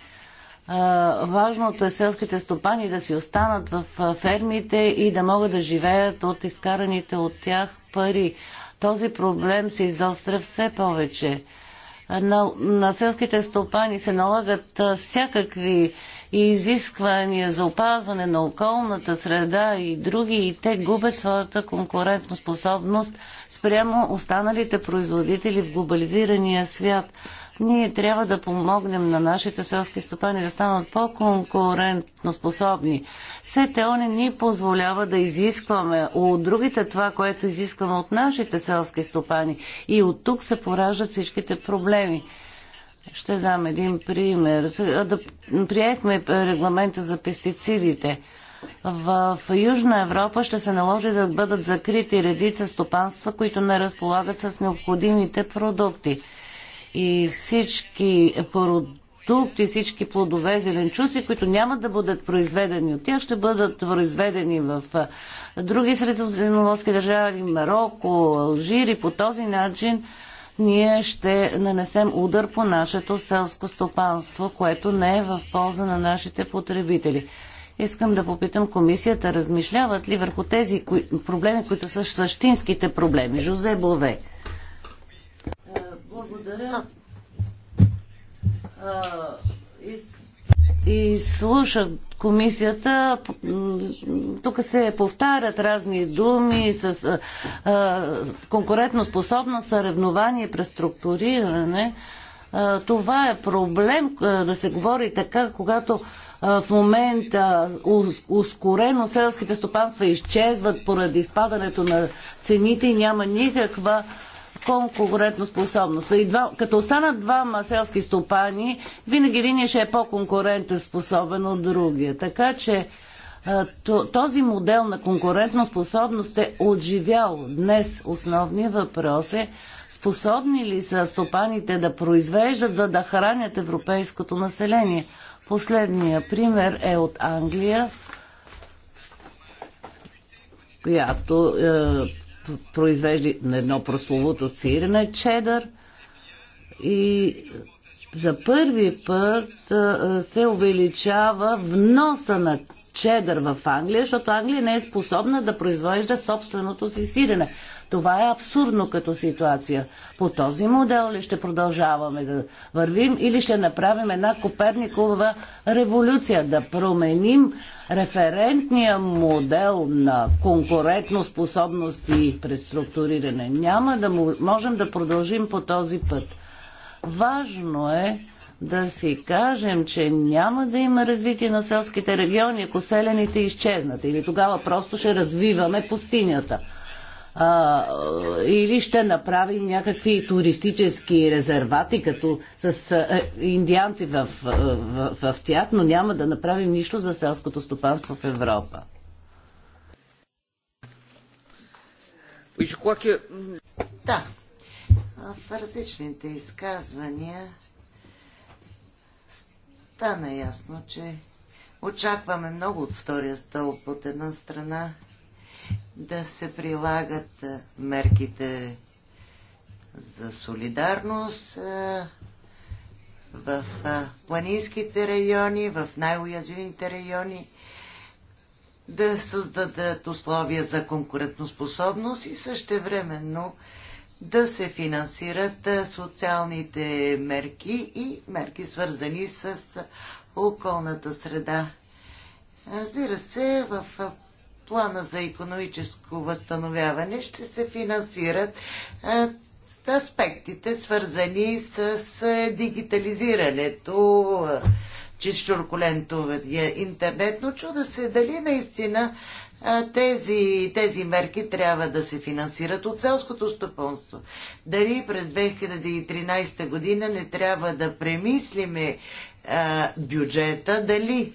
Важното е селските стопани да си останат в фермите и да могат да живеят от изкараните от тях пари. Този проблем се издостря все повече. На, на селските стопани се налагат всякакви изисквания за опазване на околната среда и други, и те губят своята конкурентоспособност спрямо останалите производители в глобализирания свят – ние трябва да помогнем на нашите селски стопани да станат по-конкурентно способни. СТО не ни позволява да изискваме от другите това, което изискваме от нашите селски стопани. И от тук се пораждат всичките проблеми. Ще дам един пример. Да, приехме регламента за пестицидите. В Южна Европа ще се наложи да бъдат закрити редица стопанства, които не разполагат с необходимите продукти и всички продукти, всички плодове, зеленчуци, които няма да бъдат произведени от тях, ще бъдат произведени в други средоземноморски държави, Марокко, и По този начин ние ще нанесем удар по нашето селско стопанство, което не е в полза на нашите потребители. Искам да попитам комисията, размишляват ли върху тези проблеми, които са същинските проблеми? Жозе Бове. Благодаря. И слушах комисията. Тук се повтарят разни думи с а, конкурентно способност, съревнование, преструктуриране. А, това е проблем а, да се говори така, когато в момента ускорено селските стопанства изчезват поради спадането на цените и няма никаква конкурентоспособност. И два, като останат двама селски стопани, винаги един ще е по-конкурентоспособен от другия. Така че този модел на конкурентоспособност е отживял. Днес основният въпрос е способни ли са стопаните да произвеждат, за да хранят европейското население. Последния пример е от Англия, която е, произвежда едно прословото сирене чедър и за първи път се увеличава вноса на чедър в Англия, защото Англия не е способна да произвежда собственото си сирене. Това е абсурдно като ситуация. По този модел ли ще продължаваме да вървим или ще направим една Коперникова революция, да променим референтния модел на конкурентно способност и преструктуриране. Няма да можем да продължим по този път. Важно е да си кажем, че няма да има развитие на селските региони, ако селените изчезнат. Или тогава просто ще развиваме пустинята. А, или ще направим някакви туристически резервати, като с а, индианци в, в, в, в тях, но няма да направим нищо за селското стопанство в Европа. Да, в различните изказвания стана е ясно, че очакваме много от втория стълб от една страна да се прилагат мерките за солидарност в планинските райони, в най-уязвимите райони, да създадат условия за конкурентоспособност и същевременно времено да се финансират социалните мерки и мерки свързани с околната среда. Разбира се, в плана за економическо възстановяване ще се финансират аспектите, свързани с дигитализирането, чрез интернет, но чуда се дали наистина тези, тези мерки трябва да се финансират от селското стопанство. Дали през 2013 година не трябва да премислиме а, бюджета, дали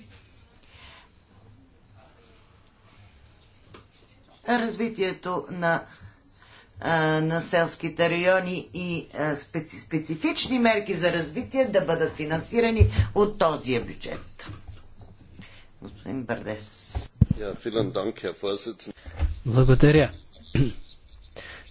развитието на на селските райони и специ, специфични мерки за развитие да бъдат финансирани от този бюджет. Господин Бърдес. Благодаря.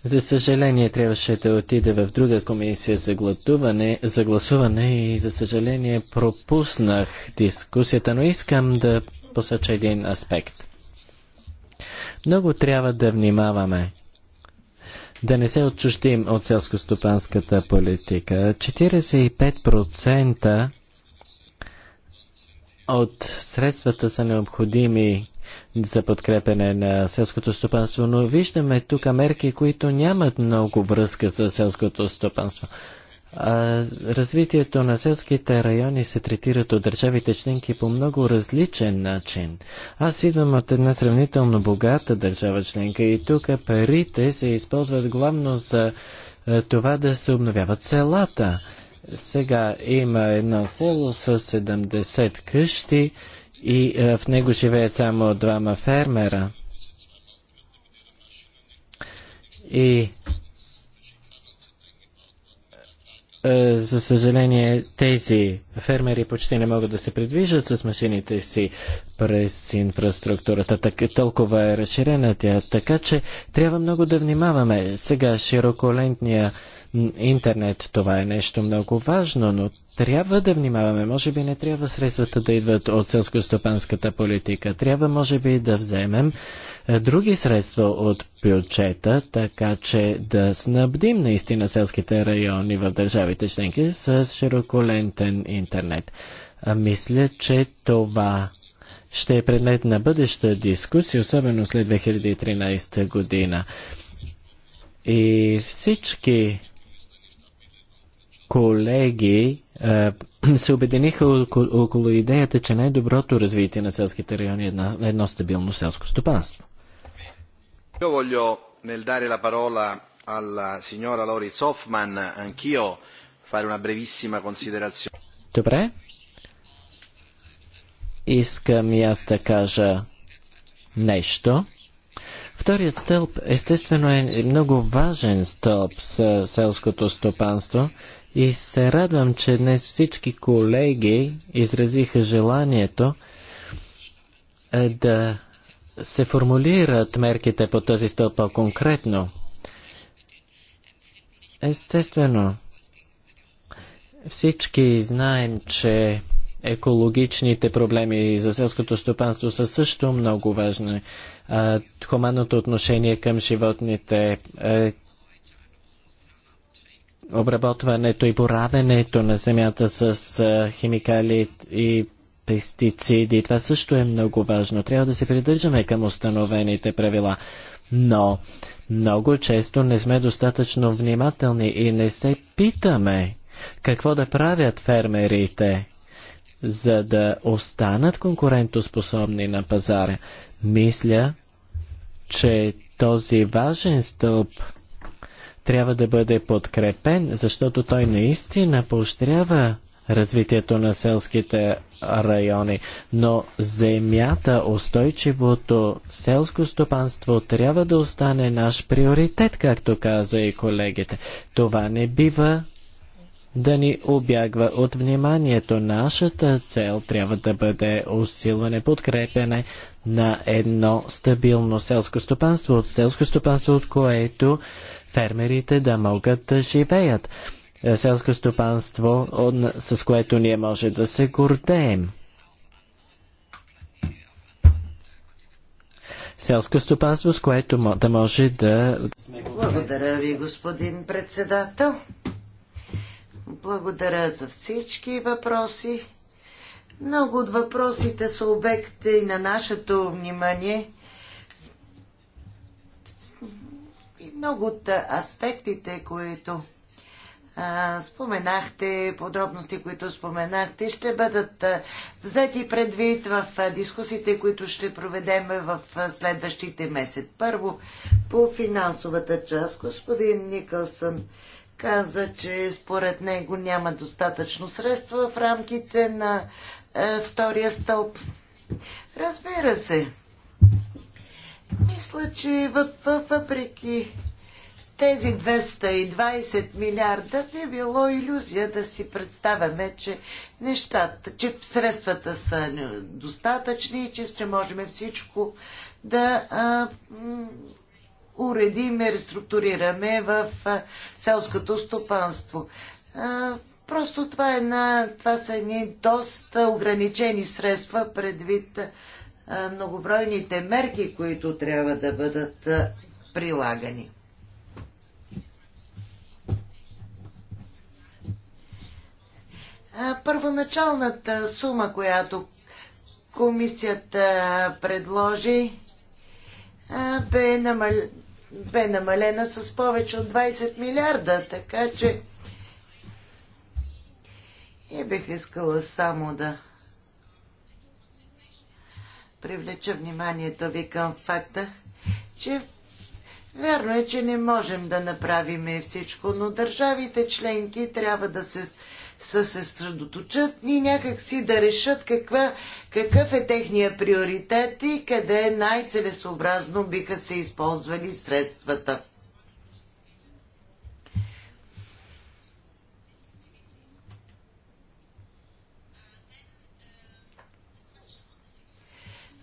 За съжаление трябваше да отида в друга комисия за, гласуване, за гласуване и за съжаление пропуснах дискусията, но искам да посоча един аспект. Много трябва да внимаваме да не се отчуждим от селскостопанската политика. 45% от средствата са необходими за подкрепене на селското стопанство, но виждаме тук мерки, които нямат много връзка с селското стопанство. А, развитието на селските райони се третират от държавите членки по много различен начин. Аз идвам от една сравнително богата държава членка и тук парите се използват главно за това да се обновяват селата. Сега има едно село с 70 къщи и е, в него живеят само двама фермера. И е, за съжаление, тези фермери почти не могат да се придвижат с машините си през инфраструктурата. Так, толкова е разширена тя. Така че трябва много да внимаваме. Сега широколентния интернет, това е нещо много важно, но трябва да внимаваме. Може би не трябва средствата да идват от селскостопанската политика. Трябва, може би, да вземем е, други средства от бюджета, така че да снабдим наистина селските райони в държавите членки с широколентен интернет. А, мисля, че това ще е предмет на бъдеща дискусия, особено след 2013 година. И всички колеги се обединиха около, идеята, че най-доброто развитие на селските райони е едно, е едно стабилно селско стопанство. Добре искам и аз да кажа нещо. Вторият стълб, естествено, е много важен стълб с селското стопанство и се радвам, че днес всички колеги изразиха желанието е, да се формулират мерките по този стълб по-конкретно. Естествено, всички знаем, че екологичните проблеми за селското стопанство са също много важни. Хуманното отношение към животните, е, обработването и боравенето на земята с химикали и пестициди. Това също е много важно. Трябва да се придържаме към установените правила. Но много често не сме достатъчно внимателни и не се питаме какво да правят фермерите за да останат конкурентоспособни на пазара. Мисля, че този важен стълб трябва да бъде подкрепен, защото той наистина поощрява развитието на селските райони. Но земята, устойчивото селско стопанство трябва да остане наш приоритет, както каза и колегите. Това не бива да ни обягва от вниманието. Нашата цел трябва да бъде усилване, подкрепене на едно стабилно селско стопанство, от селско стопанство, от което фермерите да могат да живеят. Е, селско стопанство, с което ние може да се гордеем. селско стопанство, с което да може да... Благодаря ви, господин председател. Благодаря за всички въпроси. Много от въпросите са обекти на нашето внимание. И много от аспектите, които а, споменахте, подробности, които споменахте, ще бъдат а, взети предвид в а, дискусиите, които ще проведем в а, следващите месец. Първо, по финансовата част, господин Никълсън каза, че според него няма достатъчно средства в рамките на е, втория стълб. Разбира се. Мисля, че въпреки тези 220 милиарда би било иллюзия да си представяме, че нещата, че средствата са достатъчни и че ще можем всичко да а, уредим и реструктурираме в селското стопанство. Просто това, е една, това са едни доста ограничени средства предвид многобройните мерки, които трябва да бъдат прилагани. Първоначалната сума, която комисията предложи, бе намалена бе намалена с повече от 20 милиарда, така че и бих искала само да привлеча вниманието ви към факта, че вярно е, че не можем да направим всичко, но държавите членки трябва да се се съсредоточат и си да решат каква, какъв е техния приоритет и къде най-целесообразно биха се използвали средствата.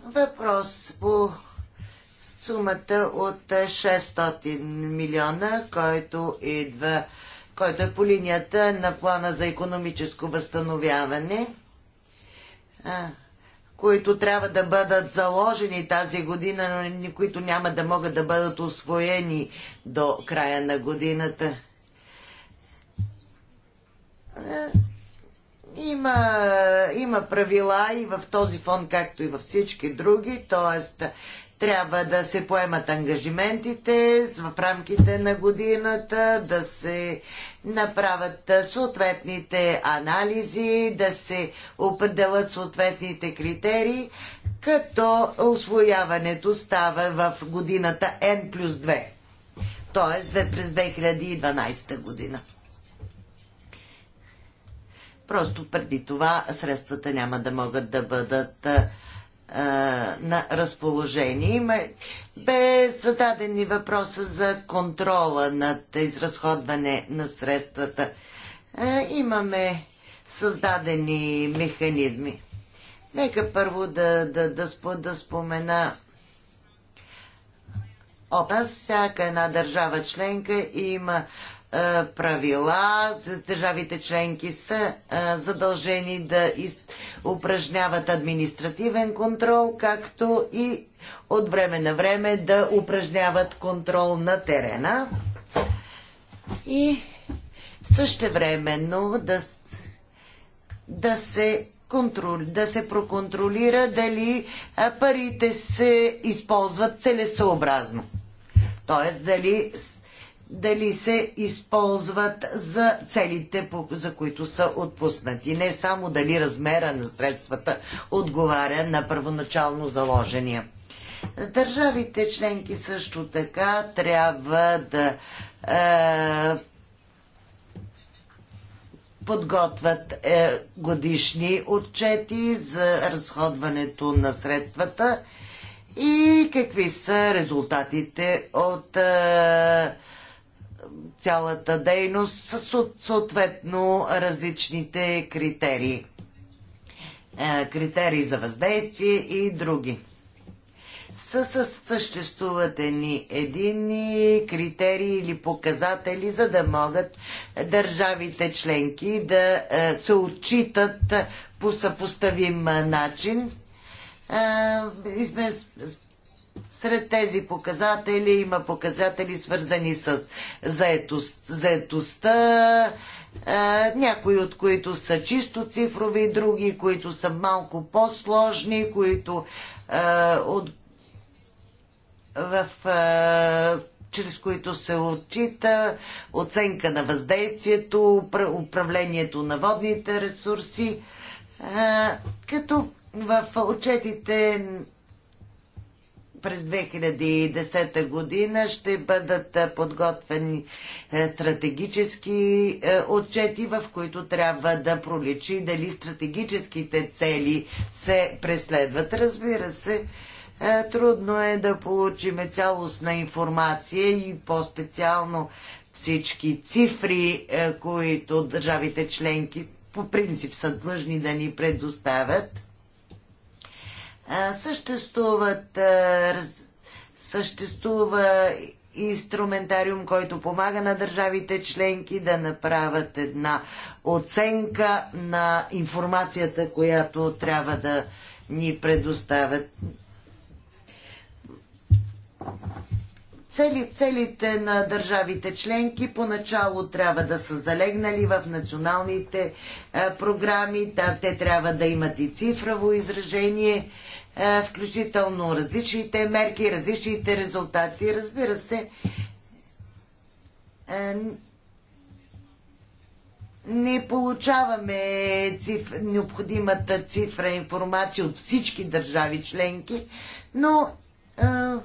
Въпрос по сумата от 600 милиона, който идва който е по линията на плана за економическо възстановяване, които трябва да бъдат заложени тази година, но които няма да могат да бъдат освоени до края на годината. Има, има правила и в този фонд, както и във всички други, т.е. Трябва да се поемат ангажиментите в рамките на годината, да се направят съответните анализи, да се определят съответните критерии, като освояването става в годината N плюс 2, т.е. през 2012 година. Просто преди това средствата няма да могат да бъдат на разположение. Има, бе зададени въпроса за контрола над изразходване на средствата. Имаме създадени механизми. Нека първо да, да, да, спо, да спомена Опа, всяка една държава членка има е, правила. Държавите членки са е, задължени да упражняват административен контрол, както и от време на време да упражняват контрол на терена. И същевременно да, да се да се проконтролира дали е, парите се използват целесообразно. Тоест дали дали се използват за целите, за които са отпуснати. Не само дали размера на средствата отговаря на първоначално заложения. Държавите членки също така трябва да е, подготвят е, годишни отчети за разходването на средствата и какви са резултатите от е, цялата дейност с съответно различните критерии. Е, критерии за въздействие и други. Със съществуват ни единни критерии или показатели, за да могат държавите членки да е, се отчитат по съпоставим е, начин сред тези показатели има показатели свързани с заетост, заетостта, някои от които са чисто цифрови, други, които са малко по-сложни, които е, от, в, е, чрез които се отчита оценка на въздействието, управлението на водните ресурси, Е, като в отчетите през 2010 година ще бъдат подготвени стратегически отчети, в които трябва да проличи дали стратегическите цели се преследват. Разбира се, трудно е да получим цялостна информация и по-специално всички цифри, които държавите членки по принцип са длъжни да ни предоставят съществуват, съществува инструментариум, който помага на държавите членки да направят една оценка на информацията, която трябва да ни предоставят. Цели, целите на държавите членки поначало трябва да са залегнали в националните е, програми, да, те трябва да имат и цифрово изражение. Е, е, включително различните мерки, различните резултати. Разбира се, е, не получаваме циф... необходимата цифра информация от всички държави членки, но а, е,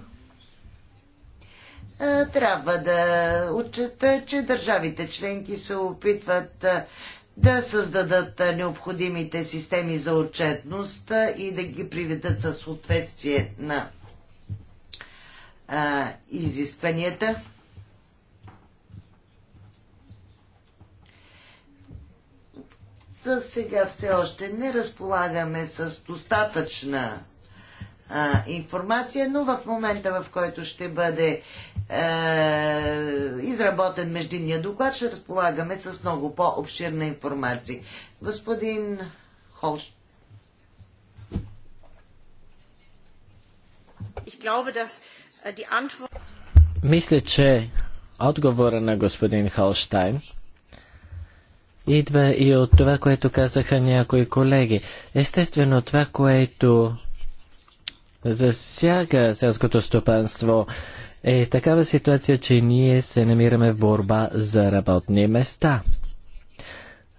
а, трябва да отчета, че държавите членки се опитват а, да създадат необходимите системи за отчетност и да ги приведат със съответствие на а, изискванията. За сега все още не разполагаме с достатъчна а, информация, но в момента, в който ще бъде а, е, изработен междинния доклад, ще разполагаме с много по-обширна информация. Господин Холш. Äh, Мисля, че отговора на господин Холштайн идва и от това, което казаха някои колеги. Естествено, това, което засяга селското стопанство, е такава ситуация, че ние се намираме в борба за работни места.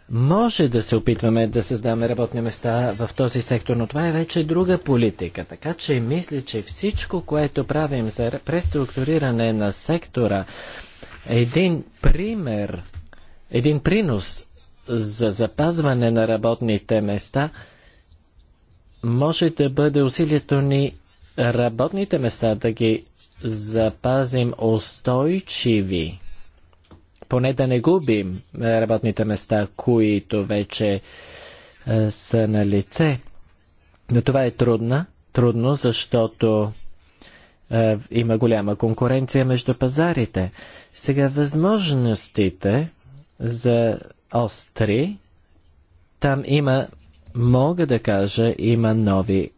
Може да се опитваме да създаваме работни места в този сектор, но това е вече друга политика. Така че мисля, че всичко, което правим за преструктуриране на сектора, е един пример, един принос за запазване на работните места – може да бъде усилието ни работните места да ги запазим устойчиви, поне да не губим е, работните места, които вече е, са на лице. Но това е трудно, трудно, защото е, има голяма конкуренция между пазарите. Сега възможностите за остри, там има мога да кажа, има нови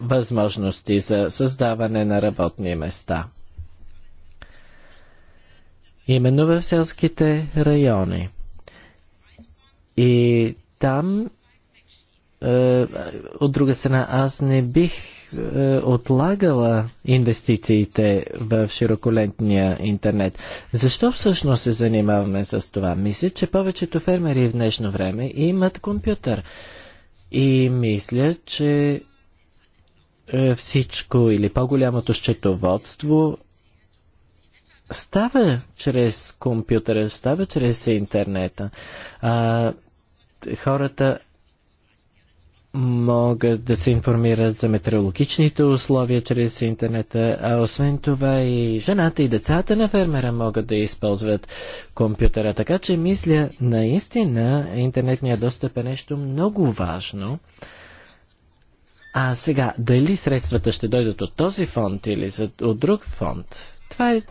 възможности за създаване на работни места. Именно в селските райони. И там е, от друга страна, аз не бих е, отлагала инвестициите в широколентния интернет. Защо всъщност се занимаваме с това? Мисля, че повечето фермери в днешно време имат компютър. И мисля, че е, всичко или по-голямото счетоводство става чрез компютъра, става чрез интернета. А, хората могат да се информират за метеорологичните условия чрез интернета, а освен това и жената и децата на фермера могат да използват компютъра. Така че мисля, наистина интернетният достъп е нещо много важно. А сега, дали средствата ще дойдат от този фонд или от друг фонд, това е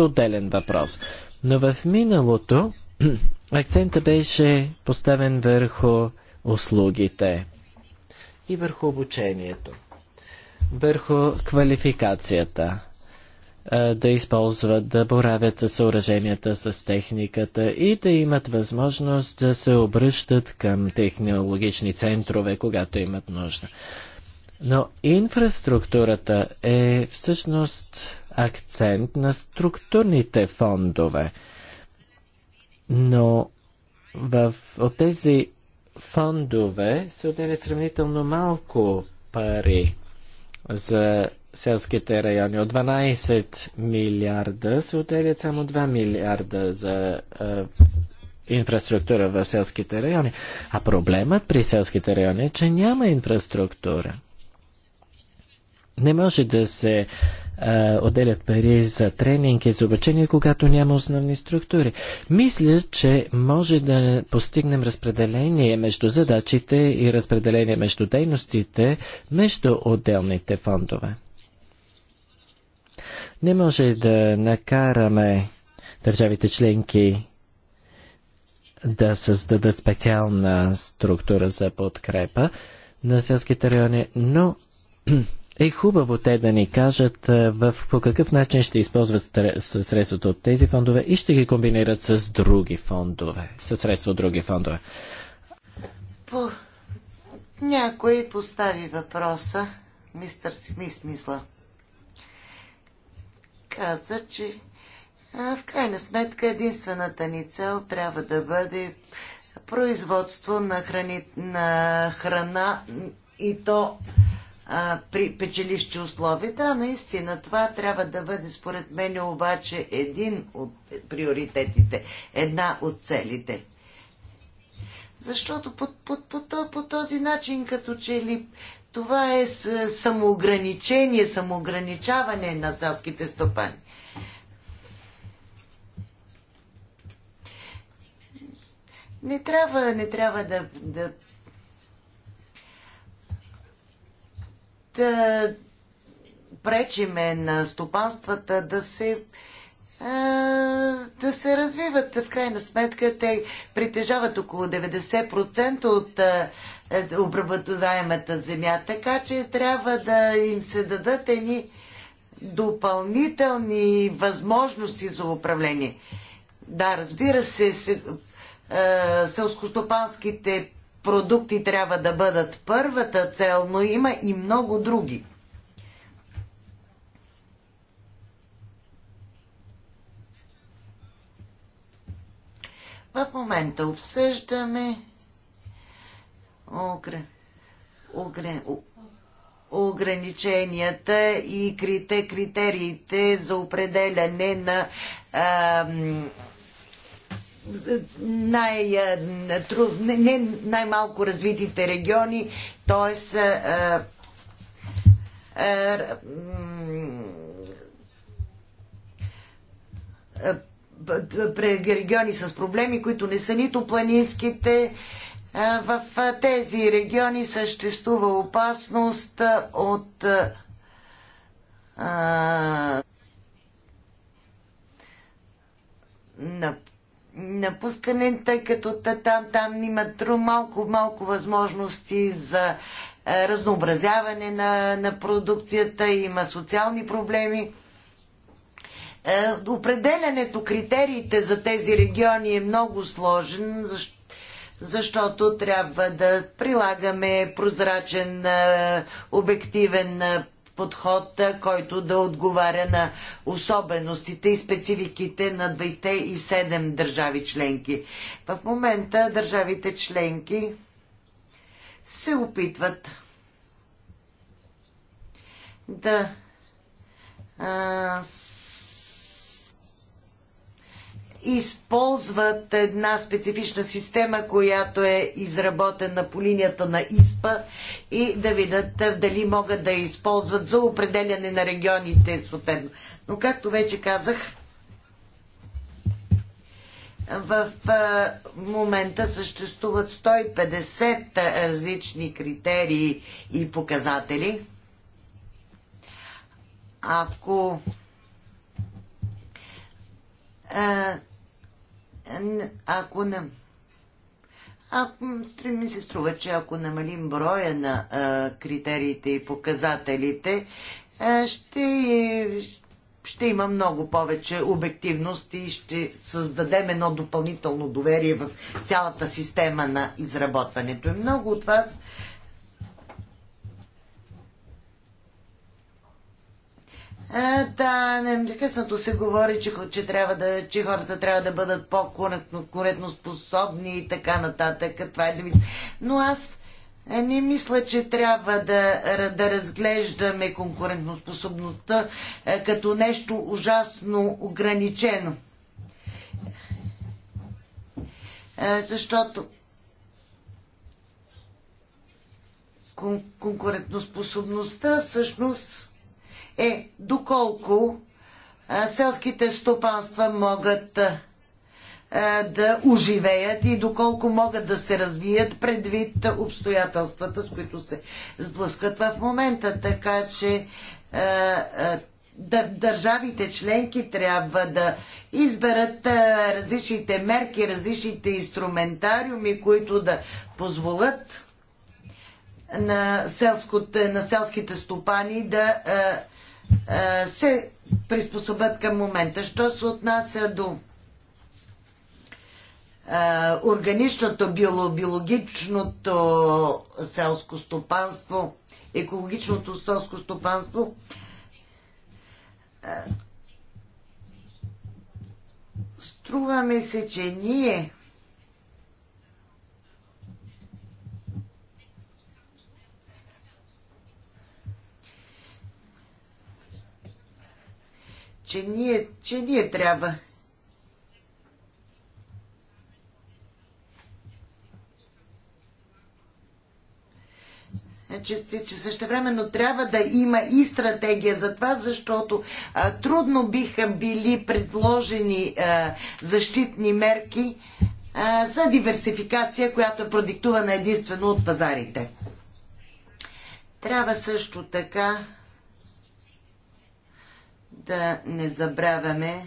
отделен въпрос. Но в миналото акцента беше поставен върху услугите и върху обучението, върху квалификацията да използват, да боравят с съоръженията, с техниката и да имат възможност да се обръщат към технологични центрове, когато имат нужда. Но инфраструктурата е всъщност акцент на структурните фондове. Но в, от тези фондове се отделят сравнително малко пари за селските райони. От 12 милиарда се отделят само 2 милиарда за е, инфраструктура в селските райони. А проблемът при селските райони е, че няма инфраструктура. Не може да се а, отделят пари за тренинг и за обучение, когато няма основни структури. Мисля, че може да постигнем разпределение между задачите и разпределение между дейностите между отделните фондове. Не може да накараме държавите членки да създадат специална структура за подкрепа на селските райони, но е хубаво те да ни кажат в, по какъв начин ще използват средствата от тези фондове и ще ги комбинират с други фондове, с средства от други фондове. По... Някой постави въпроса, мистър Смис мисла. Каза, че а, в крайна сметка единствената ни цел трябва да бъде производство на, храни... на храна и то а, при печеливши условия. Да, наистина, това трябва да бъде според мен обаче един от приоритетите, една от целите. Защото по, по, по, по този начин, като че ли това е самоограничение, самоограничаване на селските стопани. Не трябва, не трябва да, да пречиме на стопанствата да се да се развиват. В крайна сметка те притежават около 90% от е, обработаемата земя, така че трябва да им се дадат едни допълнителни възможности за управление. Да, разбира се, се селскостопанските продукти трябва да бъдат първата цел, но има и много други. В момента обсъждаме огр... Огр... ограниченията и крите, критериите за определяне на а най, не, най-малко развитите региони, т.е. региони с проблеми, които не са нито планинските. В тези региони съществува опасност от на напускане, тъй като там, там има малко-малко възможности за е, разнообразяване на, на продукцията, има социални проблеми. Е, Определянето, критериите за тези региони е много сложен, защото трябва да прилагаме прозрачен, е, обективен подход, който да отговаря на особеностите и спецификите на 27 държави членки. В момента държавите членки се опитват да а, използват една специфична система, която е изработена по линията на ИСПА и да видят дали могат да я използват за определяне на регионите съответно. Но както вече казах, в момента съществуват 150 различни критерии и показатели. Ако ако не... А, ми се струва, че ако намалим броя на а, критериите и показателите, а, ще, ще има много повече обективност и ще създадем едно допълнително доверие в цялата система на изработването. И много от вас Е, да, непрекъснато се говори, че, че, трябва да, че хората трябва да бъдат по-коректно способни и така нататък. Това е да мисля. Но аз е, не мисля, че трябва да, да разглеждаме конкурентоспособността е, като нещо ужасно ограничено. Защото конкурентоспособността всъщност е доколко селските стопанства могат да оживеят и доколко могат да се развият предвид обстоятелствата, с които се сблъскват в момента. Така че държавите членки трябва да изберат различните мерки, различните инструментариуми, които да позволят на, селските стопани да е, се приспособят към момента. Що се отнася до е, органичното, биологичното селско стопанство, екологичното селско стопанство, е, Струваме се, че ние че ние, че ние трябва е, че, че същевременно трябва да има и стратегия за това, защото а, трудно биха били предложени а, защитни мерки а, за диверсификация, която е продиктувана единствено от пазарите. Трябва също така да не забравяме,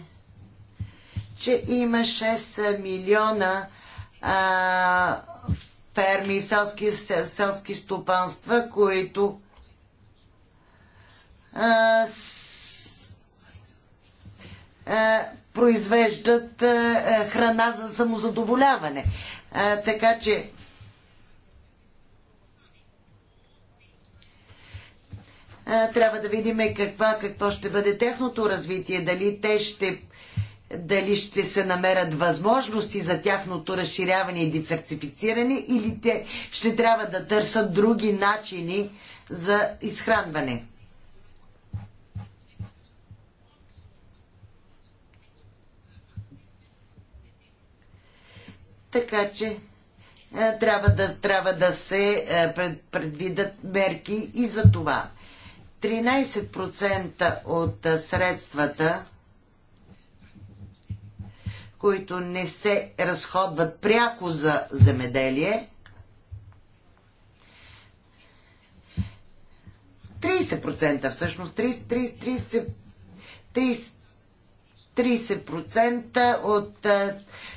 че има 6 милиона а, ферми и селски, селски стопанства, които а, с, а, произвеждат а, храна за самозадоволяване. А, така че трябва да видим каква, какво ще бъде техното развитие, дали те ще дали ще се намерят възможности за тяхното разширяване и диверсифициране или те ще трябва да търсят други начини за изхранване. Така че трябва да, трябва да се предвидат мерки и за това. 13% от средствата, които не се разходват пряко за земеделие, 30% всъщност, 30%, 30, 30, 30% от е,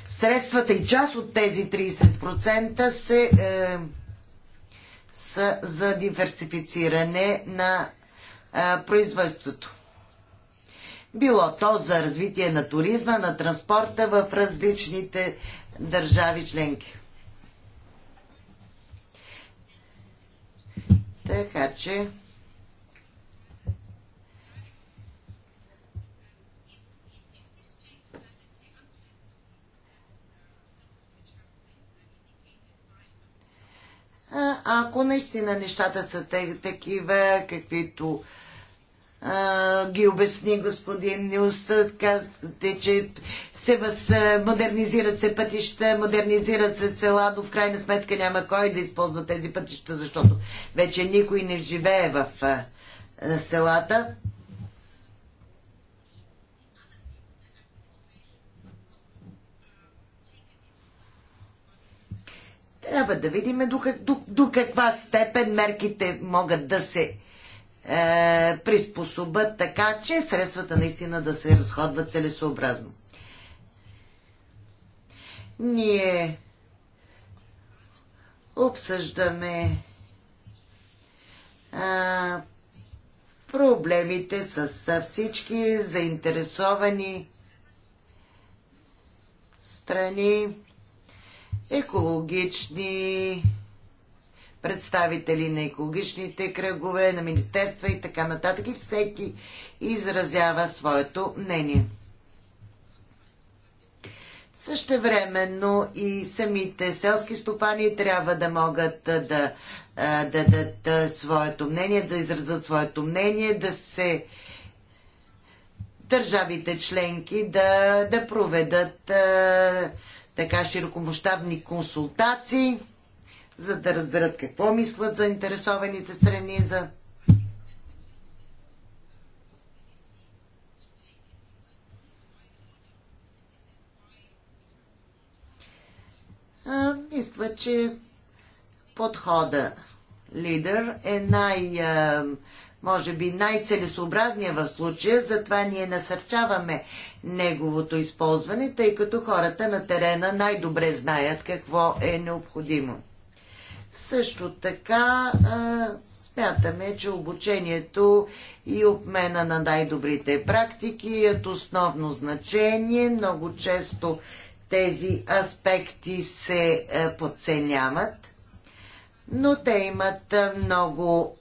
средствата и част от тези 30% се, е, са за диверсифициране на производството. Било то за развитие на туризма, на транспорта в различните държави членки. Така че ако наистина нещата са такива, каквито а, ги обясни господин Нюсът, казвате, че се въз, модернизират се пътища, модернизират се села, но в крайна сметка няма кой да използва тези пътища, защото вече никой не живее в а, селата. Трябва да видим до, до, до каква степен мерките могат да се е, приспособят така, че средствата наистина да се разходват целесообразно. Ние обсъждаме а, е, проблемите с, с всички заинтересовани страни екологични представители на екологичните кръгове, на министерства и така нататък. И всеки изразява своето мнение. Същевременно и самите селски стопани трябва да могат да дадат своето мнение, да изразят своето мнение, да се държавите членки да, да проведат така широкомащабни консултации, за да разберат какво мислят заинтересованите страни за мисля, че подхода лидер е най- може би най-целесообразния в случая, затова ние насърчаваме неговото използване, тъй като хората на терена най-добре знаят какво е необходимо. Също така смятаме, че обучението и обмена на най-добрите практики е от основно значение. Много често тези аспекти се подценяват, но те имат много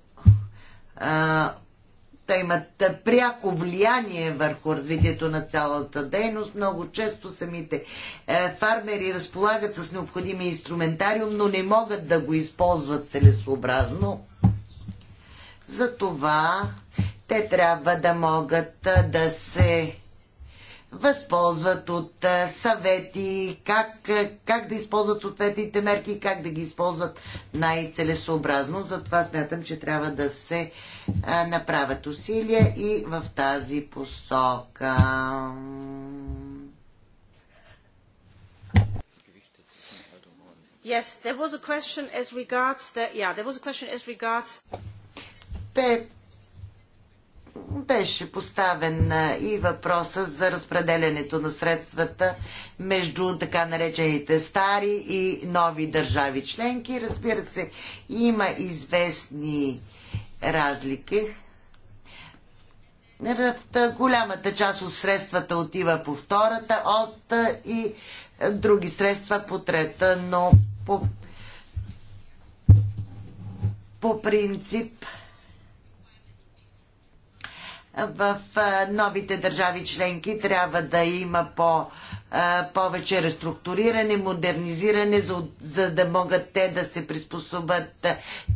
те имат пряко влияние върху развитието на цялата дейност. Много често самите е, фармери разполагат с необходими инструментариум, но не могат да го използват целесообразно. Затова те трябва да могат да се възползват от съвети, как, как да използват съответните мерки как да ги използват най-целесообразно. Затова смятам, че трябва да се направят усилия и в тази посока. Yes, there was a question as regards the... Yeah, there was a question as regards... Бе беше поставен и въпроса за разпределянето на средствата между така наречените стари и нови държави членки. Разбира се, има известни разлики. Голямата част от средствата отива по втората оста и други средства по трета, но по, по принцип в новите държави членки трябва да има по, повече реструктуриране, модернизиране, за, за да могат те да се приспособят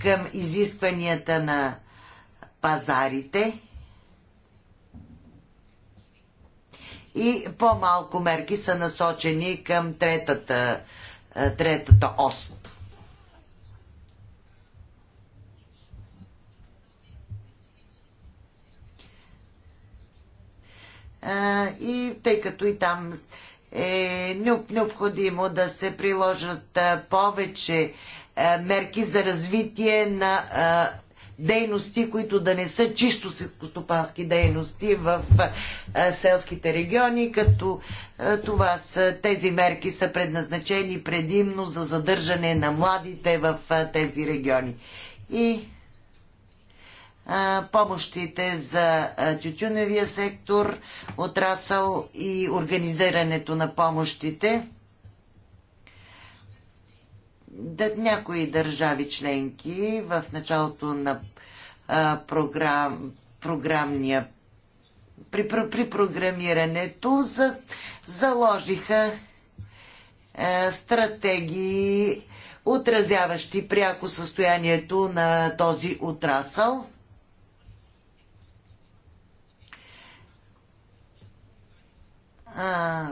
към изискванията на пазарите. И по-малко мерки са насочени към третата, третата ост. и тъй като и там е необходимо да се приложат повече мерки за развитие на дейности, които да не са чисто селскостопански дейности в селските региони, като това са, тези мерки са предназначени предимно за задържане на младите в тези региони. И помощите за тютюневия сектор, отрасъл и организирането на помощите. Някои държави членки в началото на програм, програмния при, при, при програмирането за, заложиха е, стратегии, отразяващи пряко състоянието на този отрасъл а,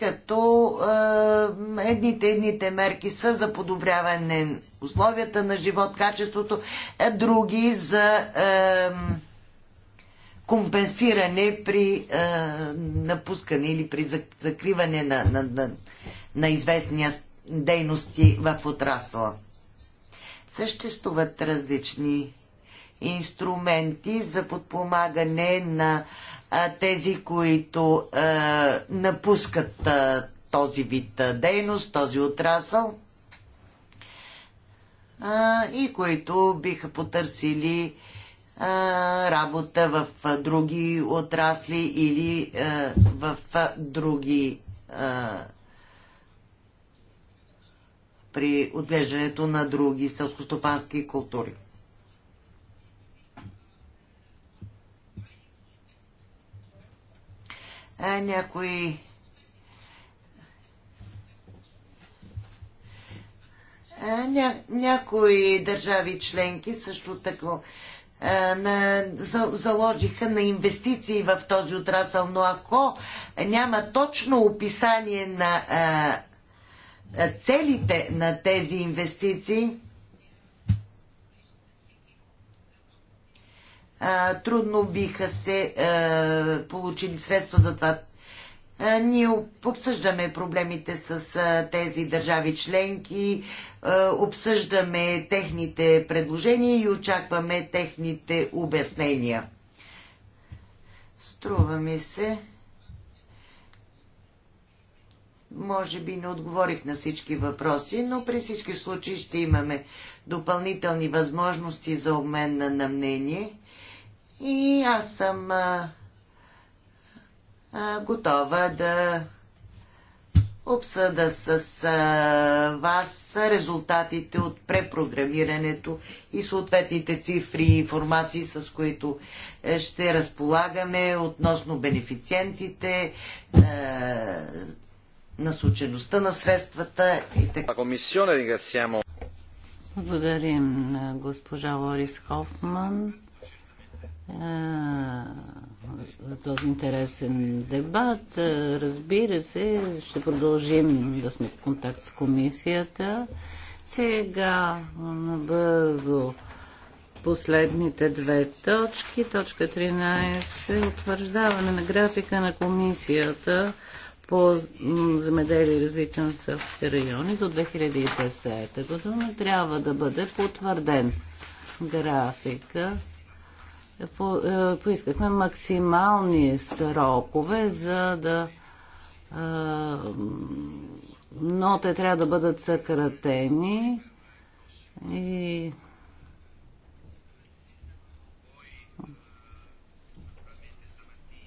като а, едните, едните мерки са за подобряване на условията на живот, качеството, а други за а, компенсиране при а, напускане или при закриване на, на, на, на известния дейности в отрасла. Съществуват различни инструменти за подпомагане на тези, които напускат този вид дейност, този отрасъл и които биха потърсили работа в други отрасли или в други при отглеждането на други селскостопански култури. някои Ня, някои държави членки също така на, за, заложиха на инвестиции в този отрасъл, но ако няма точно описание на а, целите на тези инвестиции, трудно биха се получили средства за това. Ние обсъждаме проблемите с тези държави членки, обсъждаме техните предложения и очакваме техните обяснения. Струва ми се. Може би не отговорих на всички въпроси, но при всички случаи ще имаме допълнителни възможности за обмен на мнение. И аз съм а, а, готова да обсъда с а, вас резултатите от препрограмирането и съответните цифри и информации, с които е, ще разполагаме относно бенефициентите, а, е, насочеността на средствата и така. Благодарим на госпожа Лорис Хофман за този интересен дебат. Разбира се, ще продължим да сме в контакт с комисията. Сега набързо последните две точки. Точка 13. Е утвърждаване на графика на комисията по земеделие и развитие на селските райони до 2010 година трябва да бъде потвърден графика е, поискахме максимални срокове, за да. Е, но те трябва да бъдат съкратени и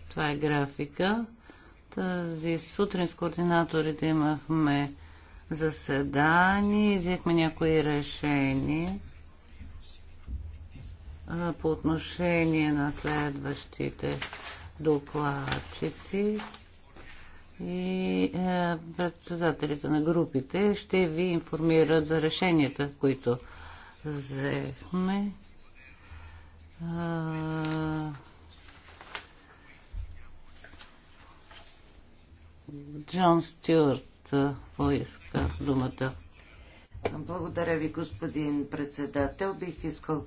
Това е графика. Тази сутрин с координаторите имахме заседание, взехме някои решения по отношение на следващите докладчици и е, председателите на групите ще ви информират за решенията, които взехме. Джон Стюарт е, поиска думата. Благодаря ви, господин председател. Бих искал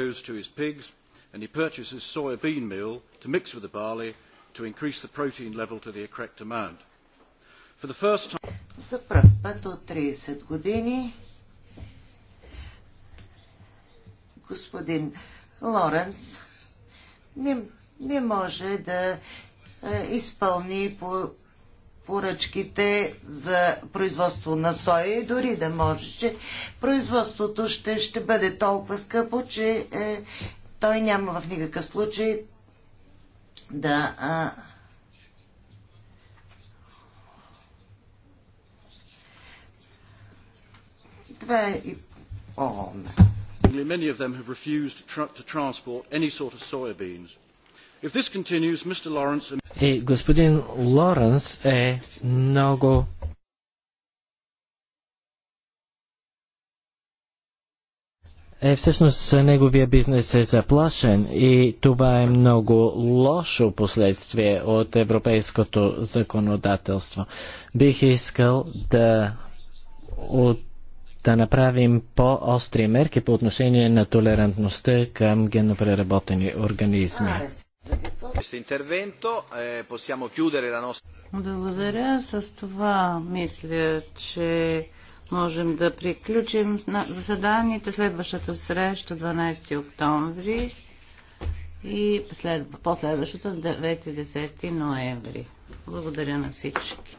goes to his pigs, and he purchases soya bean meal to mix with the barley to increase the protein level to the correct amount. For the first time... За пръв път от 30 години господин Лоренц не, не може да е, изпълни по поръчките за производство на соя и дори да може, че производството ще, ще бъде толкова скъпо, че е, той няма в никакъв случай да. А, това е Many of them have refused to transport any sort of soya beans. If this continues, Mr. Lawrence и господин Лоренс е много е всъщност неговия бизнес е заплашен и това е много лошо последствие от европейското законодателство. Бих искал да, от, да направим по-остри мерки по отношение на толерантността към генопреработени организми. Eh, Благодаря. С това мисля, че можем да приключим заседанието. Следващата среща 12 октомври и последващата 9-10 ноември. Благодаря на всички.